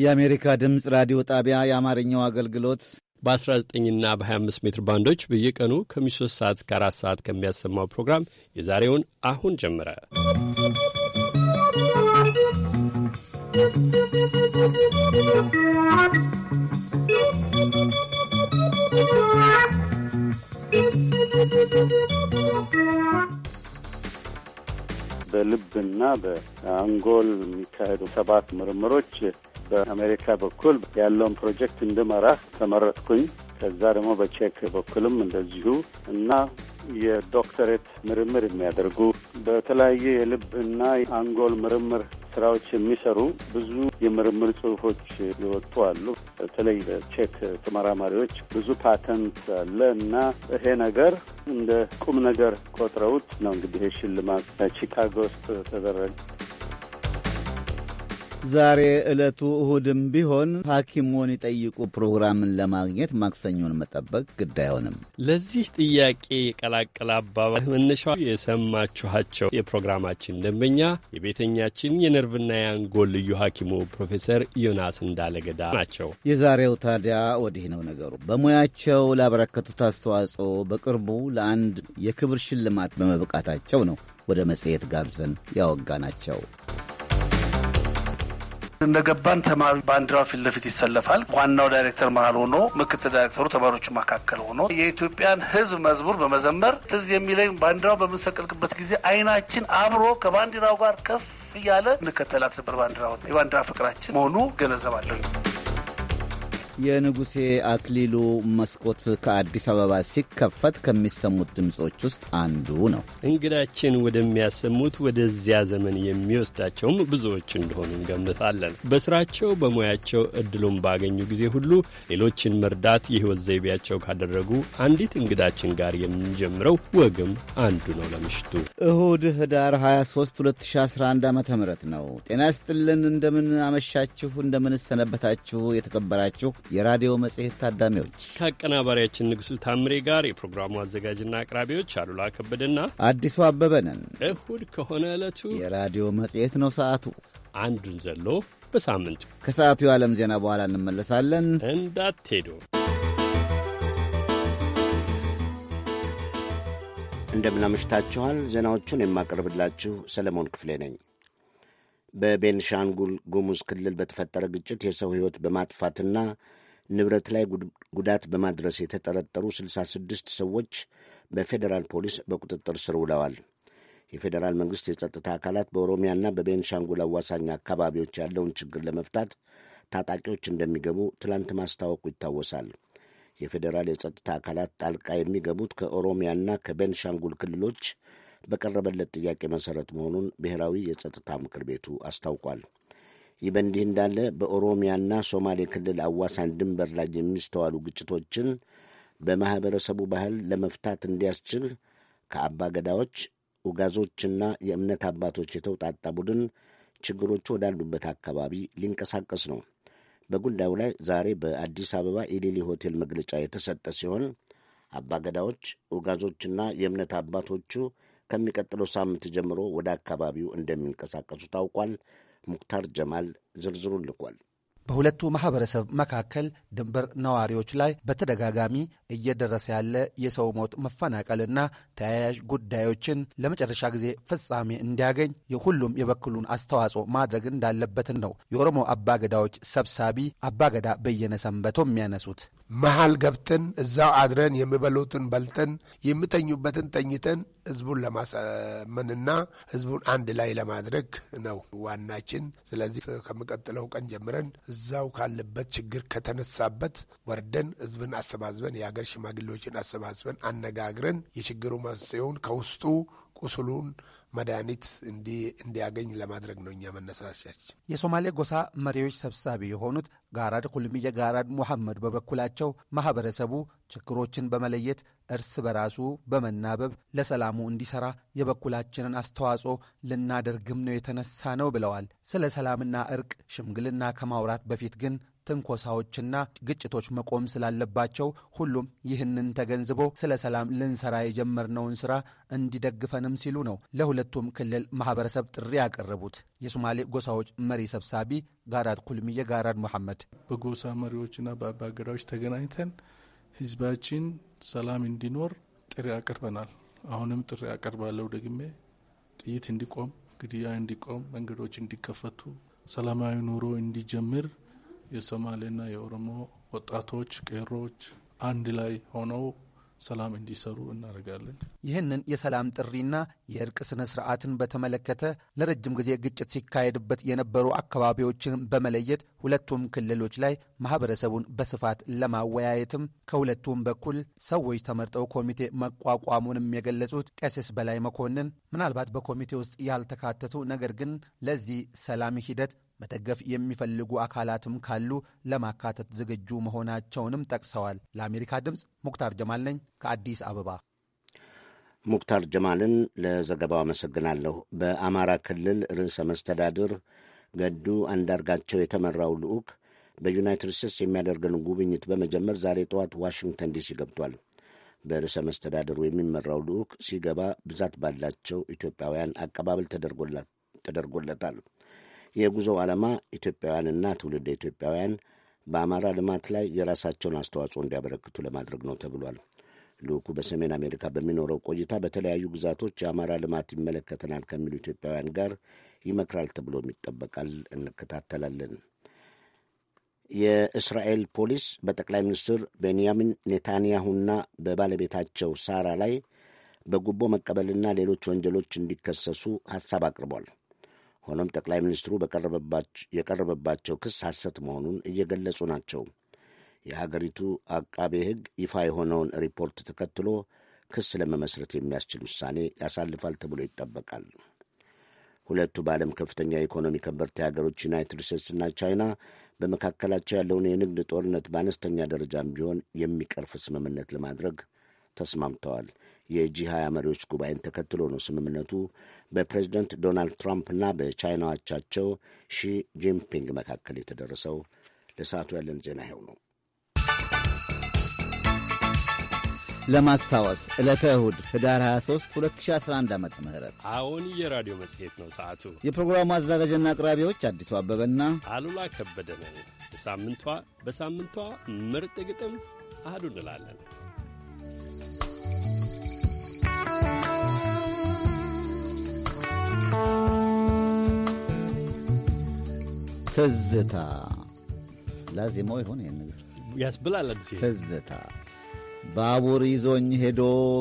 የአሜሪካ ድምፅ ራዲዮ ጣቢያ የአማርኛው አገልግሎት በ19ና በ25 ሜትር ባንዶች በየቀኑ ከ3 ሰዓት እስከ 4 ሰዓት ከሚያሰማው ፕሮግራም የዛሬውን አሁን ጀምረ በልብና በአንጎል የሚካሄዱ ሰባት ምርምሮች በአሜሪካ በኩል ያለውን ፕሮጀክት እንድመራ ተመረጥኩኝ። ከዛ ደግሞ በቼክ በኩልም እንደዚሁ እና የዶክተሬት ምርምር የሚያደርጉ በተለያየ የልብና አንጎል ምርምር ስራዎች የሚሰሩ ብዙ የምርምር ጽሁፎች ይወጡ አሉ። በተለይ ቼክ ተመራማሪዎች ብዙ ፓተንት አለ እና ይሄ ነገር እንደ ቁም ነገር ቆጥረውት ነው እንግዲህ ሽልማት ቺካጎ ውስጥ ተደረገ። ዛሬ ዕለቱ እሁድም ቢሆን ሐኪሞን ይጠይቁ ፕሮግራምን ለማግኘት ማክሰኞን መጠበቅ ግድ አይሆንም። ለዚህ ጥያቄ የቀላቀለ አባባል መነሻ የሰማችኋቸው የፕሮግራማችን ደንበኛ የቤተኛችን የነርቭና የአንጎል ልዩ ሐኪሙ ፕሮፌሰር ዮናስ እንዳለገዳ ናቸው። የዛሬው ታዲያ ወዲህ ነው ነገሩ። በሙያቸው ላበረከቱት አስተዋጽኦ በቅርቡ ለአንድ የክብር ሽልማት በመብቃታቸው ነው ወደ መጽሔት ጋብዘን ያወጋ ናቸው። እንደገባን ተማሪ ባንዲራው ፊት ለፊት ይሰለፋል። ዋናው ዳይሬክተር መሀል ሆኖ ምክትል ዳይሬክተሩ ተማሪዎቹ መካከል ሆኖ የኢትዮጵያን ሕዝብ መዝሙር በመዘመር ትዝ የሚለኝ ባንዲራው በምንሰቀልቅበት ጊዜ አይናችን አብሮ ከባንዲራው ጋር ከፍ እያለ እንከተላት ነበር። ባንዲራውን የባንዲራ ፍቅራችን መሆኑ ገነዘባለን። የንጉሴ አክሊሉ መስኮት ከአዲስ አበባ ሲከፈት ከሚሰሙት ድምፆች ውስጥ አንዱ ነው። እንግዳችን ወደሚያሰሙት ወደዚያ ዘመን የሚወስዳቸውም ብዙዎች እንደሆኑ እንገምታለን። በስራቸው በሙያቸው እድሉን ባገኙ ጊዜ ሁሉ ሌሎችን መርዳት የህይወት ዘይቤያቸው ካደረጉ አንዲት እንግዳችን ጋር የምንጀምረው ወግም አንዱ ነው። ለምሽቱ እሁድ ህዳር 23 2011 ዓ ም ነው። ጤና ይስጥልን። እንደምን አመሻችሁ፣ እንደምን ሰነበታችሁ የተከበራችሁ የራዲዮ መጽሔት ታዳሚዎች ከአቀናባሪያችን ንጉሡ ታምሬ ጋር የፕሮግራሙ አዘጋጅና አቅራቢዎች አሉላ ከበደና አዲሱ አበበንን እሁድ ከሆነ ዕለቱ የራዲዮ መጽሔት ነው። ሰዓቱ አንዱን ዘሎ በሳምንቱ ከሰዓቱ የዓለም ዜና በኋላ እንመለሳለን። እንዳትሄዱ እንደምናመሽታችኋል። ዜናዎቹን የማቀርብላችሁ ሰለሞን ክፍሌ ነኝ። በቤንሻንጉል ጉሙዝ ክልል በተፈጠረ ግጭት የሰው ሕይወት በማጥፋትና ንብረት ላይ ጉዳት በማድረስ የተጠረጠሩ 66 ሰዎች በፌዴራል ፖሊስ በቁጥጥር ስር ውለዋል። የፌዴራል መንግሥት የጸጥታ አካላት በኦሮሚያና በቤንሻንጉል አዋሳኝ አካባቢዎች ያለውን ችግር ለመፍታት ታጣቂዎች እንደሚገቡ ትላንት ማስታወቁ ይታወሳል። የፌዴራል የጸጥታ አካላት ጣልቃ የሚገቡት ከኦሮሚያና ከቤንሻንጉል ክልሎች በቀረበለት ጥያቄ መሠረት መሆኑን ብሔራዊ የጸጥታ ምክር ቤቱ አስታውቋል። ይህ በእንዲህ እንዳለ በኦሮሚያና ሶማሌ ክልል አዋሳኝ ድንበር ላይ የሚስተዋሉ ግጭቶችን በማኅበረሰቡ ባህል ለመፍታት እንዲያስችል ከአባ ገዳዎች፣ ኡጋዞችና የእምነት አባቶች የተውጣጣ ቡድን ችግሮቹ ወዳሉበት አካባቢ ሊንቀሳቀስ ነው። በጉዳዩ ላይ ዛሬ በአዲስ አበባ ኢሊሊ ሆቴል መግለጫ የተሰጠ ሲሆን አባገዳዎች፣ ኡጋዞችና የእምነት አባቶቹ ከሚቀጥለው ሳምንት ጀምሮ ወደ አካባቢው እንደሚንቀሳቀሱ ታውቋል። ሙክታር ጀማል ዝርዝሩን ልኳል። በሁለቱ ማህበረሰብ መካከል ድንበር ነዋሪዎች ላይ በተደጋጋሚ እየደረሰ ያለ የሰው ሞት፣ መፈናቀልና ተያያዥ ጉዳዮችን ለመጨረሻ ጊዜ ፍጻሜ እንዲያገኝ የሁሉም የበኩሉን አስተዋጽኦ ማድረግ እንዳለበትን ነው የኦሮሞ አባገዳዎች ሰብሳቢ አባገዳ በየነ ሰንበቶ የሚያነሱት። መሃል ገብተን እዛው አድረን የሚበሉትን በልተን የሚተኙበትን ተኝተን ህዝቡን ለማሳመንና ህዝቡን አንድ ላይ ለማድረግ ነው ዋናችን። ስለዚህ ከሚቀጥለው ቀን ጀምረን እዛው ካለበት ችግር ከተነሳበት ወርደን ህዝብን አሰባስበን የሀገር ሽማግሌዎችን አሰባስበን አነጋግረን የችግሩ መንስኤውን ከውስጡ ቁስሉን መድኃኒት እንዲያገኝ ለማድረግ ነው እኛ መነሳሻችን። የሶማሌ ጎሳ መሪዎች ሰብሳቢ የሆኑት ጋራድ ኩልምዬ ጋራድ ሙሐመድ በበኩላቸው ማህበረሰቡ ችግሮችን በመለየት እርስ በራሱ በመናበብ ለሰላሙ እንዲሰራ የበኩላችንን አስተዋጽኦ ልናደርግም ነው የተነሳ ነው ብለዋል። ስለ ሰላምና እርቅ ሽምግልና ከማውራት በፊት ግን ትንኮሳዎችና ግጭቶች መቆም ስላለባቸው ሁሉም ይህንን ተገንዝቦ ስለ ሰላም ልንሰራ የጀመርነውን ስራ እንዲደግፈንም ሲሉ ነው ለሁለቱም ክልል ማህበረሰብ ጥሪ ያቀረቡት። የሶማሌ ጎሳዎች መሪ ሰብሳቢ ጋራድ ኩልሚየ ጋራድ መሐመድ በጎሳ መሪዎችና በአባገዳዎች ተገናኝተን ህዝባችን ሰላም እንዲኖር ጥሪ አቅርበናል። አሁንም ጥሪ አቀርባለሁ ደግሜ ጥይት እንዲቆም፣ ግድያ እንዲቆም፣ መንገዶች እንዲከፈቱ፣ ሰላማዊ ኑሮ እንዲጀምር የሶማሌና የኦሮሞ ወጣቶች ቄሮች አንድ ላይ ሆነው ሰላም እንዲሰሩ እናደርጋለን። ይህንን የሰላም ጥሪና የእርቅ ስነ ስርዓትን በተመለከተ ለረጅም ጊዜ ግጭት ሲካሄድበት የነበሩ አካባቢዎችን በመለየት ሁለቱም ክልሎች ላይ ማህበረሰቡን በስፋት ለማወያየትም ከሁለቱም በኩል ሰዎች ተመርጠው ኮሚቴ መቋቋሙንም የገለጹት ቀሲስ በላይ መኮንን ምናልባት በኮሚቴ ውስጥ ያልተካተቱ ነገር ግን ለዚህ ሰላም ሂደት መደገፍ የሚፈልጉ አካላትም ካሉ ለማካተት ዝግጁ መሆናቸውንም ጠቅሰዋል። ለአሜሪካ ድምፅ ሙክታር ጀማል ነኝ ከአዲስ አበባ። ሙክታር ጀማልን ለዘገባው አመሰግናለሁ። በአማራ ክልል ርዕሰ መስተዳድር ገዱ አንዳርጋቸው የተመራው ልዑክ በዩናይትድ ስቴትስ የሚያደርገን ጉብኝት በመጀመር ዛሬ ጠዋት ዋሽንግተን ዲሲ ገብቷል። በርዕሰ መስተዳድሩ የሚመራው ልዑክ ሲገባ ብዛት ባላቸው ኢትዮጵያውያን አቀባበል ተደርጎለታል። የጉዞው ዓላማ ኢትዮጵያውያንና ትውልደ ኢትዮጵያውያን በአማራ ልማት ላይ የራሳቸውን አስተዋጽኦ እንዲያበረክቱ ለማድረግ ነው ተብሏል። ልዑኩ በሰሜን አሜሪካ በሚኖረው ቆይታ በተለያዩ ግዛቶች የአማራ ልማት ይመለከተናል ከሚሉ ኢትዮጵያውያን ጋር ይመክራል ተብሎም ይጠበቃል። እንከታተላለን። የእስራኤል ፖሊስ በጠቅላይ ሚኒስትር ቤንያሚን ኔታንያሁና በባለቤታቸው ሳራ ላይ በጉቦ መቀበልና ሌሎች ወንጀሎች እንዲከሰሱ ሐሳብ አቅርቧል። ሆኖም ጠቅላይ ሚኒስትሩ የቀረበባቸው ክስ ሐሰት መሆኑን እየገለጹ ናቸው። የሀገሪቱ አቃቤ ሕግ ይፋ የሆነውን ሪፖርት ተከትሎ ክስ ለመመስረት የሚያስችል ውሳኔ ያሳልፋል ተብሎ ይጠበቃል። ሁለቱ በዓለም ከፍተኛ የኢኮኖሚ ከበርቲ ሀገሮች ዩናይትድ ስቴትስና ቻይና በመካከላቸው ያለውን የንግድ ጦርነት በአነስተኛ ደረጃም ቢሆን የሚቀርፍ ስምምነት ለማድረግ ተስማምተዋል። የጂ 20 መሪዎች ጉባኤን ተከትሎ ነው ስምምነቱ በፕሬዚደንት ዶናልድ ትራምፕና በቻይና አቻቸው ሺ ጂንፒንግ መካከል የተደረሰው። ለሰዓቱ ያለን ዜና ይኸው ነው። ለማስታወስ ዕለተ እሁድ ህዳር 23 2011 ዓ ም አሁን የራዲዮ መጽሔት ነው ሰዓቱ። የፕሮግራሙ አዘጋጅና አቅራቢዎች አዲሱ አበበና አሉላ ከበደ ነው። በሳምንቷ በሳምንቷ ምርጥ ግጥም አህዱ እንላለን። ትዝታ ላዜማው ይሆን ይህን ነገር ያስብላል። አዲስ ትዝታ ባቡር ይዞኝ ሄዶ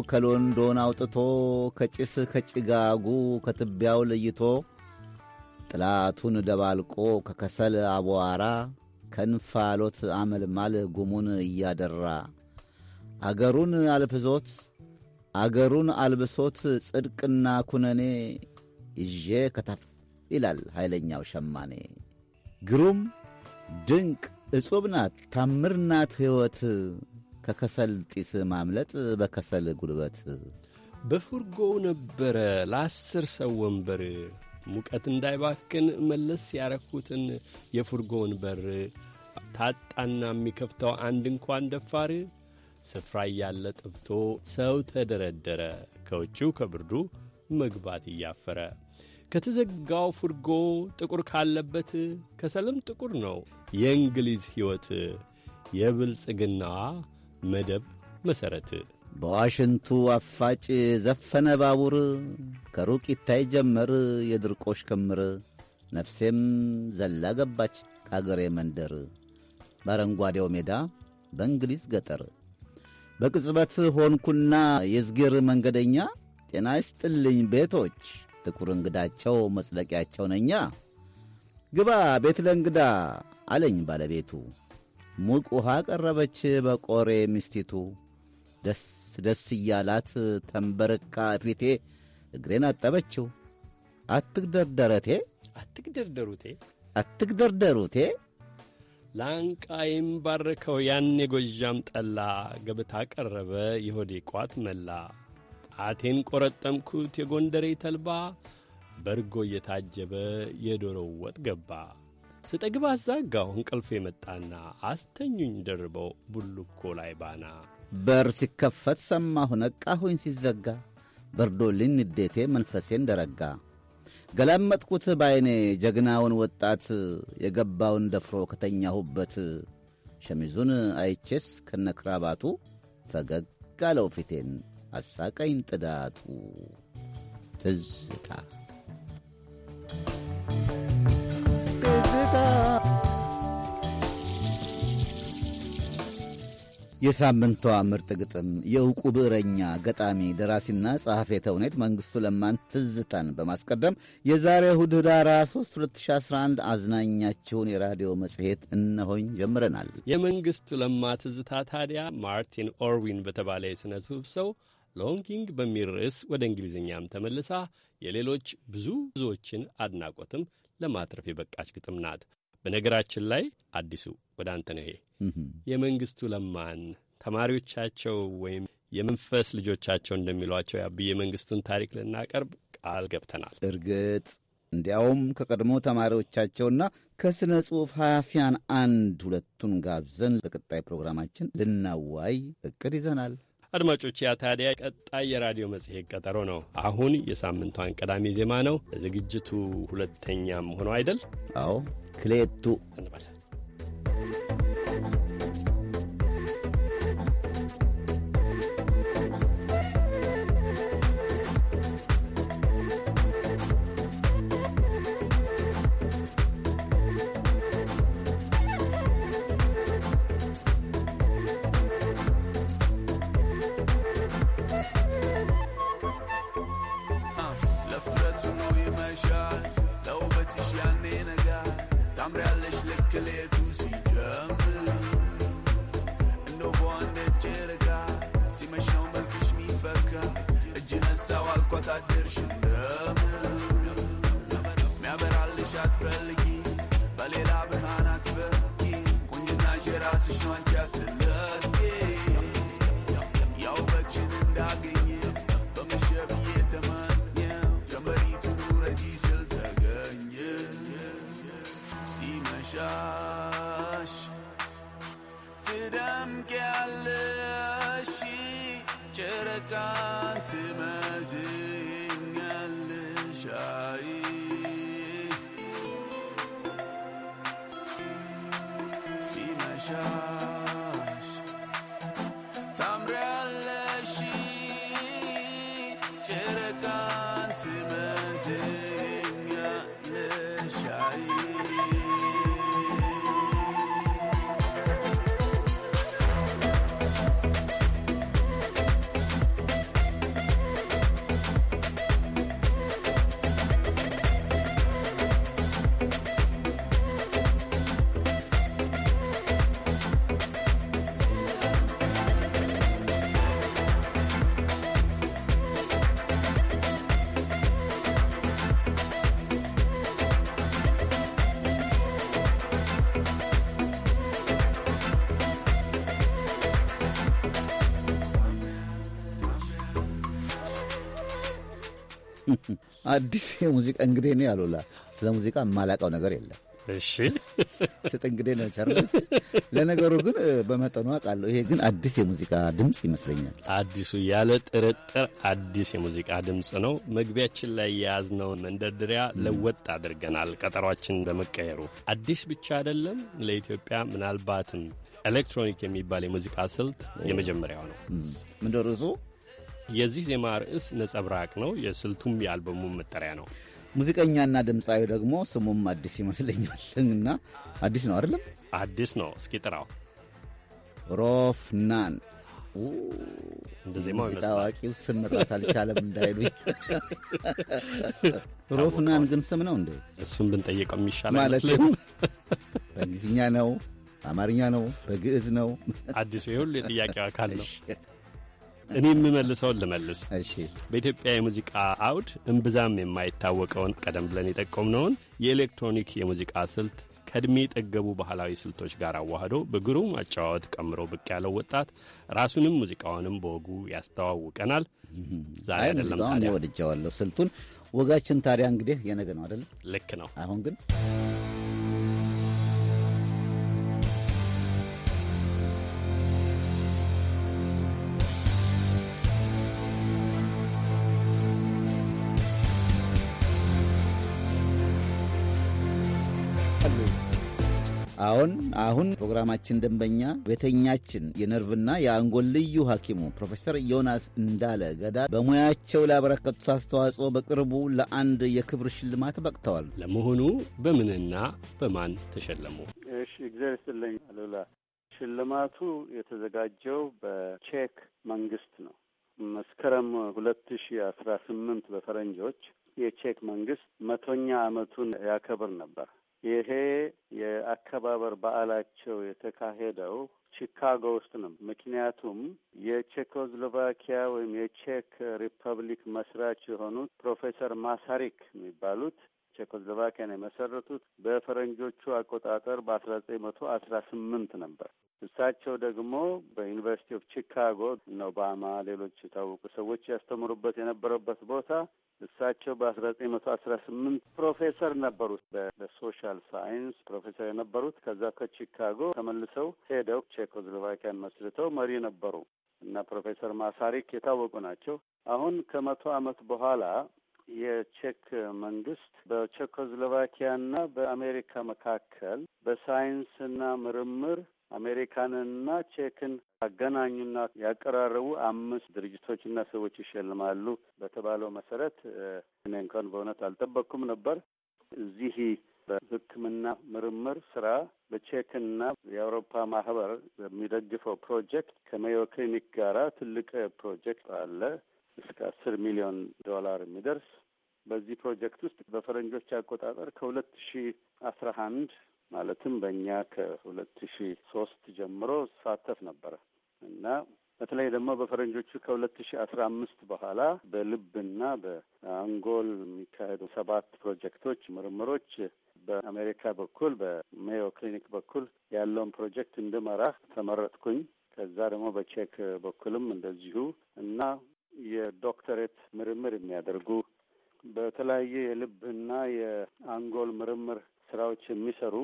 ከሎንዶን አውጥቶ ከጭስ ከጭጋጉ ከትቢያው ለይቶ ጥላቱን ደባልቆ ከከሰል አቧራ ከእንፋሎት አመልማል ጉሙን እያደራ አገሩን አልብዞት አገሩን አልብሶት ጽድቅና ኩነኔ ይዤ ከተፍ ይላል ኃይለኛው ሸማኔ። ግሩም ድንቅ እጹብ ናት ታምር ናት ሕይወት ከከሰል ጢስ ማምለጥ በከሰል ጉልበት በፉርጎው ነበረ ለአስር ሰው ወንበር ሙቀት እንዳይባክን መለስ ያረኩትን የፉርጎውን በር ታጣና የሚከፍተው አንድ እንኳን ደፋር ስፍራ እያለ ጥፍቶ ሰው ተደረደረ ከውጪው ከብርዱ መግባት እያፈረ ከተዘጋው ፍርጎ ጥቁር ካለበት ከሰልም ጥቁር ነው የእንግሊዝ ሕይወት የብልጽግና መደብ መሠረት በዋሽንቱ አፋጭ ዘፈነ ባቡር ከሩቅ ይታይ ጀመር የድርቆሽ ክምር ነፍሴም ዘላ ገባች ከአገሬ መንደር በአረንጓዴው ሜዳ በእንግሊዝ ገጠር በቅጽበት ሆንኩና የዝጌር መንገደኛ ጤና ይስጥልኝ ቤቶች ጥቁር እንግዳቸው መጽደቂያቸው ነኛ። ግባ ቤት ለእንግዳ አለኝ ባለቤቱ። ሙቅ ውሃ ቀረበች በቆሬ ሚስቲቱ። ደስ ደስ እያላት ተንበርካ ፊቴ እግሬን አጠበችው። አትግደርደረቴ አትግደርደሩቴ አትግደርደሩቴ ላንቃ የምባረከው ያን የጎዣም ጠላ ገበታ ቀረበ የሆዴ ቋት መላ አቴን ቈረጠምኩት የጎንደሬ ተልባ በርጎ እየታጀበ የዶሮው ወጥ ገባ ስጠግብ አዛጋው እንቅልፍ የመጣና አስተኙኝ ደርበው ቡልኮ ላይ ባና በር ሲከፈት ሰማሁ ነቃሁኝ ሲዘጋ በርዶልኝ ንዴቴ መንፈሴን ደረጋ ገላመጥኩት ባይኔ ጀግናውን ወጣት የገባውን ደፍሮ ከተኛሁበት ሸሚዙን አይቼስ ከነክራባቱ ፈገግ አለው ፊቴን አሳቃይን ጥዳቱ ትዝታ የሳምንቷ ምርጥ ግጥም የእውቁ ብዕረኛ ገጣሚ ደራሲና ጸሐፌ ተውኔት መንግሥቱ ለማን ትዝታን በማስቀደም የዛሬ እሁድ ኅዳር 23 2011 አዝናኛችሁን የራዲዮ መጽሔት እነሆኝ ጀምረናል። የመንግሥቱ ለማ ትዝታ ታዲያ ማርቲን ኦርዊን በተባለ የሥነ ጽሑፍ ሰው ሎንኪንግ በሚል ርዕስ ወደ እንግሊዝኛም ተመልሳ የሌሎች ብዙ ብዙዎችን አድናቆትም ለማትረፍ የበቃች ግጥም ናት። በነገራችን ላይ አዲሱ ወደ አንተ ነው ይሄ የመንግስቱ ለማን ተማሪዎቻቸው ወይም የመንፈስ ልጆቻቸው እንደሚሏቸው የአብዬ መንግስቱን ታሪክ ልናቀርብ ቃል ገብተናል። እርግጥ እንዲያውም ከቀድሞ ተማሪዎቻቸውና ከሥነ ጽሑፍ ሐያሲያን አንድ ሁለቱን ጋብዘን በቀጣይ ፕሮግራማችን ልናዋይ እቅድ ይዘናል። አድማጮች፣ ያ ታዲያ ቀጣይ የራዲዮ መጽሔት ቀጠሮ ነው። አሁን የሳምንቷን ቀዳሚ ዜማ ነው። ዝግጅቱ ሁለተኛም ሆኖ አይደል? አዎ ክሌቱ እንባል አዲስ የሙዚቃ እንግዲህ ነው አሉላ ስለ ሙዚቃ የማላውቀው ነገር የለም። እሺ ስጥ እንግዲህ ነው ቸር። ለነገሩ ግን በመጠኑ አውቃለሁ። ይሄ ግን አዲስ የሙዚቃ ድምፅ ይመስለኛል። አዲሱ ያለ ጥርጥር አዲስ የሙዚቃ ድምፅ ነው። መግቢያችን ላይ የያዝነውን መንደርደሪያ ለወጥ አድርገናል። ቀጠሯችን በመቀየሩ አዲስ ብቻ አይደለም ለኢትዮጵያ ምናልባትም ኤሌክትሮኒክ የሚባል የሙዚቃ ስልት የመጀመሪያው ነው። ምንደርሱ የዚህ ዜማ ርዕስ ነጸብራቅ ነው። የስልቱም የአልበሙ መጠሪያ ነው። ሙዚቀኛና ድምፃዊ ደግሞ ስሙም አዲስ ይመስለኛል እና አዲስ ነው አይደለም? አዲስ ነው። እስኪ ጥራው። ሮፍናን ታዋቂው ስም አልቻለም እንዳይሉኝ። ሮፍናን ግን ስም ነው እንዴ? እሱም ብንጠየቀው የሚሻል በእንግሊዝኛ ነው? በአማርኛ ነው? በግዕዝ ነው? አዲሱ የሁሉ የጥያቄው አካል ነው። እኔ የምመልሰውን ልመልስ። በኢትዮጵያ የሙዚቃ አውድ እምብዛም የማይታወቀውን ቀደም ብለን የጠቆምነውን የኤሌክትሮኒክ የሙዚቃ ስልት ከእድሜ ጠገቡ ባህላዊ ስልቶች ጋር አዋህዶ በግሩም አጨዋወት ቀምሮ ብቅ ያለው ወጣት ራሱንም ሙዚቃውንም በወጉ ያስተዋውቀናል። ዛሬ አይደለም ወድጀዋለሁ ስልቱን ወጋችን ታዲያ እንግዲህ የነገ ነው አይደለም? ልክ ነው። አሁን ግን አሁን አሁን ፕሮግራማችን ደንበኛ ቤተኛችን የነርቭና የአንጎል ልዩ ሐኪሙ ፕሮፌሰር ዮናስ እንዳለ ገዳ በሙያቸው ላበረከቱት አስተዋጽኦ በቅርቡ ለአንድ የክብር ሽልማት በቅተዋል። ለመሆኑ በምንና በማን ተሸለሙ? እሺ እግዚአብሔር ይስጥልኝ አሉላ። ሽልማቱ የተዘጋጀው በቼክ መንግስት ነው። መስከረም ሁለት ሺ አስራ ስምንት በፈረንጆች የቼክ መንግስት መቶኛ ዓመቱን ያከብር ነበር። ይሄ የአከባበር በዓላቸው የተካሄደው ቺካጎ ውስጥ ነው። ምክንያቱም የቼኮስሎቫኪያ ወይም የቼክ ሪፐብሊክ መስራች የሆኑት ፕሮፌሰር ማሳሪክ የሚባሉት ቼኮስሎቫኪያን የመሰረቱት በፈረንጆቹ አቆጣጠር በአስራ ዘጠኝ መቶ አስራ ስምንት ነበር። እሳቸው ደግሞ በዩኒቨርሲቲ ኦፍ ቺካጎ እነ ኦባማ፣ ሌሎች የታወቁ ሰዎች ያስተምሩበት የነበረበት ቦታ እሳቸው በአስራ ዘጠኝ መቶ አስራ ስምንት ፕሮፌሰር ነበሩት። በሶሻል ሳይንስ ፕሮፌሰር የነበሩት ከዛ ከቺካጎ ተመልሰው ሄደው ቼኮስሎቫኪያን መስርተው መሪ ነበሩ እና ፕሮፌሰር ማሳሪክ የታወቁ ናቸው። አሁን ከመቶ ዓመት በኋላ የቼክ መንግስት በቼኮስሎቫኪያና በአሜሪካ መካከል በሳይንስና ምርምር አሜሪካንና ቼክን አገናኙና ያቀራረቡ አምስት ድርጅቶችና ሰዎች ይሸልማሉ በተባለው መሰረት እኔ እንኳን በእውነት አልጠበቅኩም ነበር። እዚህ በሕክምና ምርምር ስራ በቼክና የአውሮፓ ማህበር የሚደግፈው ፕሮጀክት ከሜዮ ክሊኒክ ጋራ ትልቅ ፕሮጀክት አለ። እስከ አስር ሚሊዮን ዶላር የሚደርስ በዚህ ፕሮጀክት ውስጥ በፈረንጆች አቆጣጠር ከሁለት ሺ አስራ አንድ ማለትም በእኛ ከሁለት ሺ ሶስት ጀምሮ ሳተፍ ነበረ እና በተለይ ደግሞ በፈረንጆቹ ከሁለት ሺ አስራ አምስት በኋላ በልብና በአንጎል የሚካሄዱ ሰባት ፕሮጀክቶች ምርምሮች በአሜሪካ በኩል በሜዮ ክሊኒክ በኩል ያለውን ፕሮጀክት እንድመራ ተመረጥኩኝ። ከዛ ደግሞ በቼክ በኩልም እንደዚሁ እና የዶክተሬት ምርምር የሚያደርጉ በተለያየ የልብና የአንጎል ምርምር ስራዎች የሚሰሩ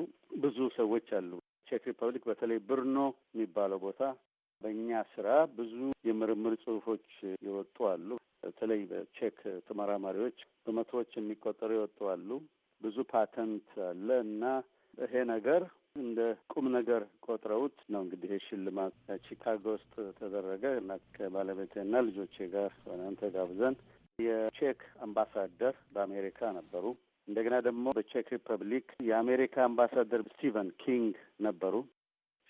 ብዙ ሰዎች አሉ። ቼክ ሪፐብሊክ በተለይ ብርኖ የሚባለው ቦታ በእኛ ስራ ብዙ የምርምር ጽሁፎች የወጡ አሉ። በተለይ በቼክ ተመራማሪዎች በመቶዎች የሚቆጠሩ የወጡ አሉ። ብዙ ፓተንት አለ እና ይሄ ነገር እንደ ቁም ነገር ቆጥረውት ነው እንግዲህ ሽልማት ከቺካጎ ውስጥ ተደረገ እና ከባለቤቴና ልጆቼ ጋር ሆነን ተጋብዘን የቼክ አምባሳደር በአሜሪካ ነበሩ። እንደገና ደግሞ በቼክ ሪፐብሊክ የአሜሪካ አምባሳደር ስቲቨን ኪንግ ነበሩ።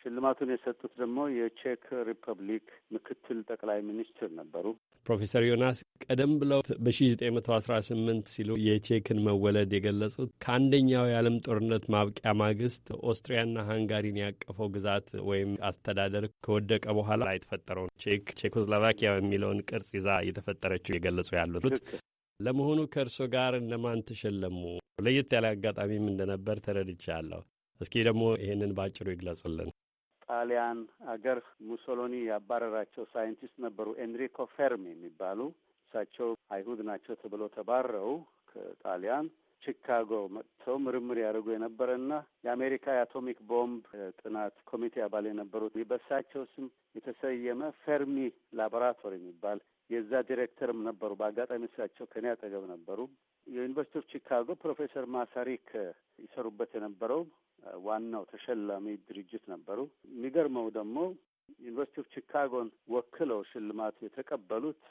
ሽልማቱን የሰጡት ደግሞ የቼክ ሪፐብሊክ ምክትል ጠቅላይ ሚኒስትር ነበሩ። ፕሮፌሰር ዮናስ ቀደም ብለው በ1918 ሲሉ የቼክን መወለድ የገለጹት ከአንደኛው የዓለም ጦርነት ማብቂያ ማግስት ኦስትሪያና ሃንጋሪን ያቀፈው ግዛት ወይም አስተዳደር ከወደቀ በኋላ የተፈጠረውን ቼክ ቼኮስሎቫኪያ የሚለውን ቅርጽ ይዛ እየተፈጠረችው የገለጹ ያሉት። ለመሆኑ ከእርሶ ጋር እነማን ተሸለሙ? ለየት ያለ አጋጣሚም እንደነበር ተረድቻለሁ። እስኪ ደግሞ ይህንን በአጭሩ ይግለጹልን። ጣሊያን አገር ሙሶሎኒ ያባረራቸው ሳይንቲስት ነበሩ። ኤንሪኮ ፌርሚ የሚባሉ እሳቸው አይሁድ ናቸው ተብሎ ተባረው ከጣሊያን ቺካጎ መጥተው ምርምር ያደርጉ የነበረና የአሜሪካ የአቶሚክ ቦምብ ጥናት ኮሚቴ አባል የነበሩት በእሳቸው ስም የተሰየመ ፌርሚ ላቦራቶሪ የሚባል የዛ ዲሬክተርም ነበሩ። በአጋጣሚ እሳቸው ከኔ አጠገብ ነበሩ። የዩኒቨርሲቲ ኦፍ ቺካጎ ፕሮፌሰር ማሳሪክ ይሰሩበት የነበረው ዋናው ተሸላሚ ድርጅት ነበሩ። የሚገርመው ደግሞ ዩኒቨርሲቲ ኦፍ ቺካጎን ወክለው ሽልማት የተቀበሉት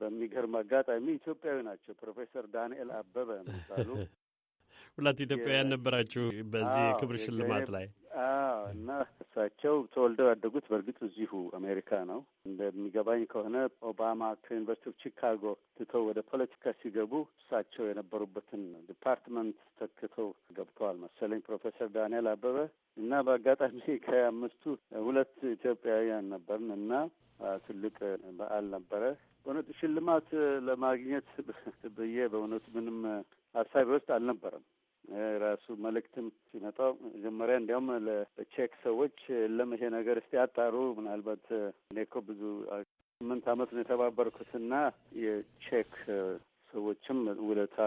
በሚገርም አጋጣሚ ኢትዮጵያዊ ናቸው። ፕሮፌሰር ዳንኤል አበበ የሚባሉ ሁለት ኢትዮጵያውያን ነበራችሁ በዚህ የክብር ሽልማት ላይ አዎ እና እሳቸው ተወልደው ያደጉት በእርግጥ እዚሁ አሜሪካ ነው። እንደሚገባኝ ከሆነ ኦባማ ከዩኒቨርሲቲ ኦፍ ቺካጎ ትተው ወደ ፖለቲካ ሲገቡ እሳቸው የነበሩበትን ዲፓርትመንት ተክተው ገብተዋል መሰለኝ ፕሮፌሰር ዳንኤል አበበ እና በአጋጣሚ ከአምስቱ ሁለት ኢትዮጵያውያን ነበርን እና ትልቅ በዓል ነበረ። በእውነቱ ሽልማት ለማግኘት ብዬ በእውነቱ ምንም ሀሳቤ ውስጥ አልነበረም። ራሱ መልእክትም ሲመጣው መጀመሪያ እንዲያውም ለቼክ ሰዎች የለም ይሄ ነገር እስቲ አጣሩ። ምናልባት እኔ እኮ ብዙ ስምንት ዓመት ነው የተባበርኩት የተባበርኩትና የቼክ ሰዎችም ውለታ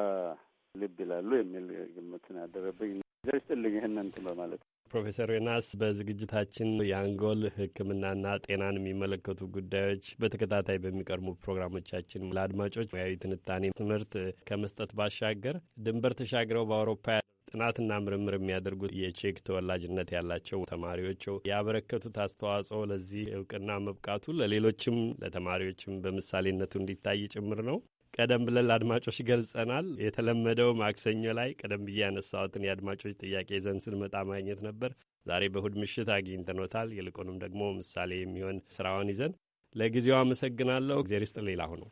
ልብ ይላሉ የሚል ግምትን ያደረብኝ። ዘር ይስጥልኝ ይህን እንትን በማለት ፕሮፌሰር ዮናስ በዝግጅታችን የአንጎል ሕክምናና ጤናን የሚመለከቱ ጉዳዮች በተከታታይ በሚቀርቡ ፕሮግራሞቻችን ለአድማጮች ሙያዊ ትንታኔ ትምህርት ከመስጠት ባሻገር ድንበር ተሻግረው በአውሮፓ ጥናትና ምርምር የሚያደርጉት የቼክ ተወላጅነት ያላቸው ተማሪዎች ያበረከቱት አስተዋጽኦ ለዚህ እውቅና መብቃቱ ለሌሎችም ለተማሪዎችም በምሳሌነቱ እንዲታይ ጭምር ነው። ቀደም ብለን ለአድማጮች ገልጸናል። የተለመደው ማክሰኞ ላይ ቀደም ብዬ ያነሳሁትን የአድማጮች ጥያቄ ይዘን ስንመጣ ማግኘት ነበር። ዛሬ በእሁድ ምሽት አግኝተኖታል። ይልቁንም ደግሞ ምሳሌ የሚሆን ስራውን ይዘን ለጊዜው አመሰግናለሁ። እግዜር ይስጥ። ሌላ ሆኖ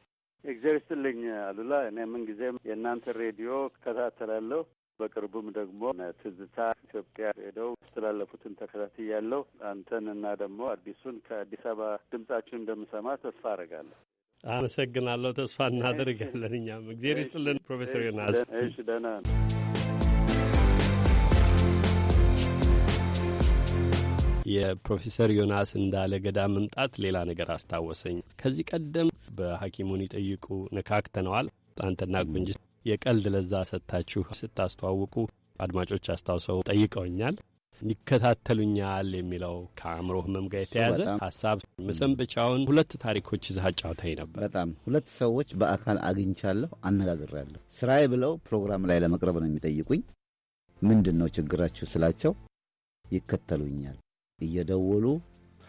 እግዜር ይስጥልኝ አሉላ። እኔ ምን ጊዜም የእናንተ ሬዲዮ እከታተላለሁ። በቅርቡም ደግሞ ትዝታ ኢትዮጵያ ሄደው ያስተላለፉትን ተከታትያለሁ። አንተን እና ደግሞ አዲሱን ከአዲስ አበባ ድምጻችሁን እንደምሰማ ተስፋ አረጋለሁ። አመሰግናለሁ። ተስፋ እናደርጋለን። እኛም እግዜር ይስጥልን ፕሮፌሰር ዮናስ። እሺ ደህና የፕሮፌሰር ዮናስ እንዳለ ገዳ መምጣት ሌላ ነገር አስታወሰኝ። ከዚህ ቀደም በሐኪሙን ይጠይቁ ነካክተነዋል። አንተና ቁንጅት የቀልድ ለዛ ሰጥታችሁ ስታስተዋውቁ አድማጮች አስታውሰው ጠይቀውኛል። ይከታተሉኛል የሚለው ከአእምሮ ህመም ጋር የተያዘ ሀሳብ መሰንበቻውን ሁለት ታሪኮች ይዘህ አጫውተኸኝ ነበር። በጣም ሁለት ሰዎች በአካል አግኝቻለሁ፣ አነጋግሬያለሁ። ስራዬ ብለው ፕሮግራም ላይ ለመቅረብ ነው የሚጠይቁኝ። ምንድን ነው ችግራችሁ ስላቸው ይከተሉኛል፣ እየደወሉ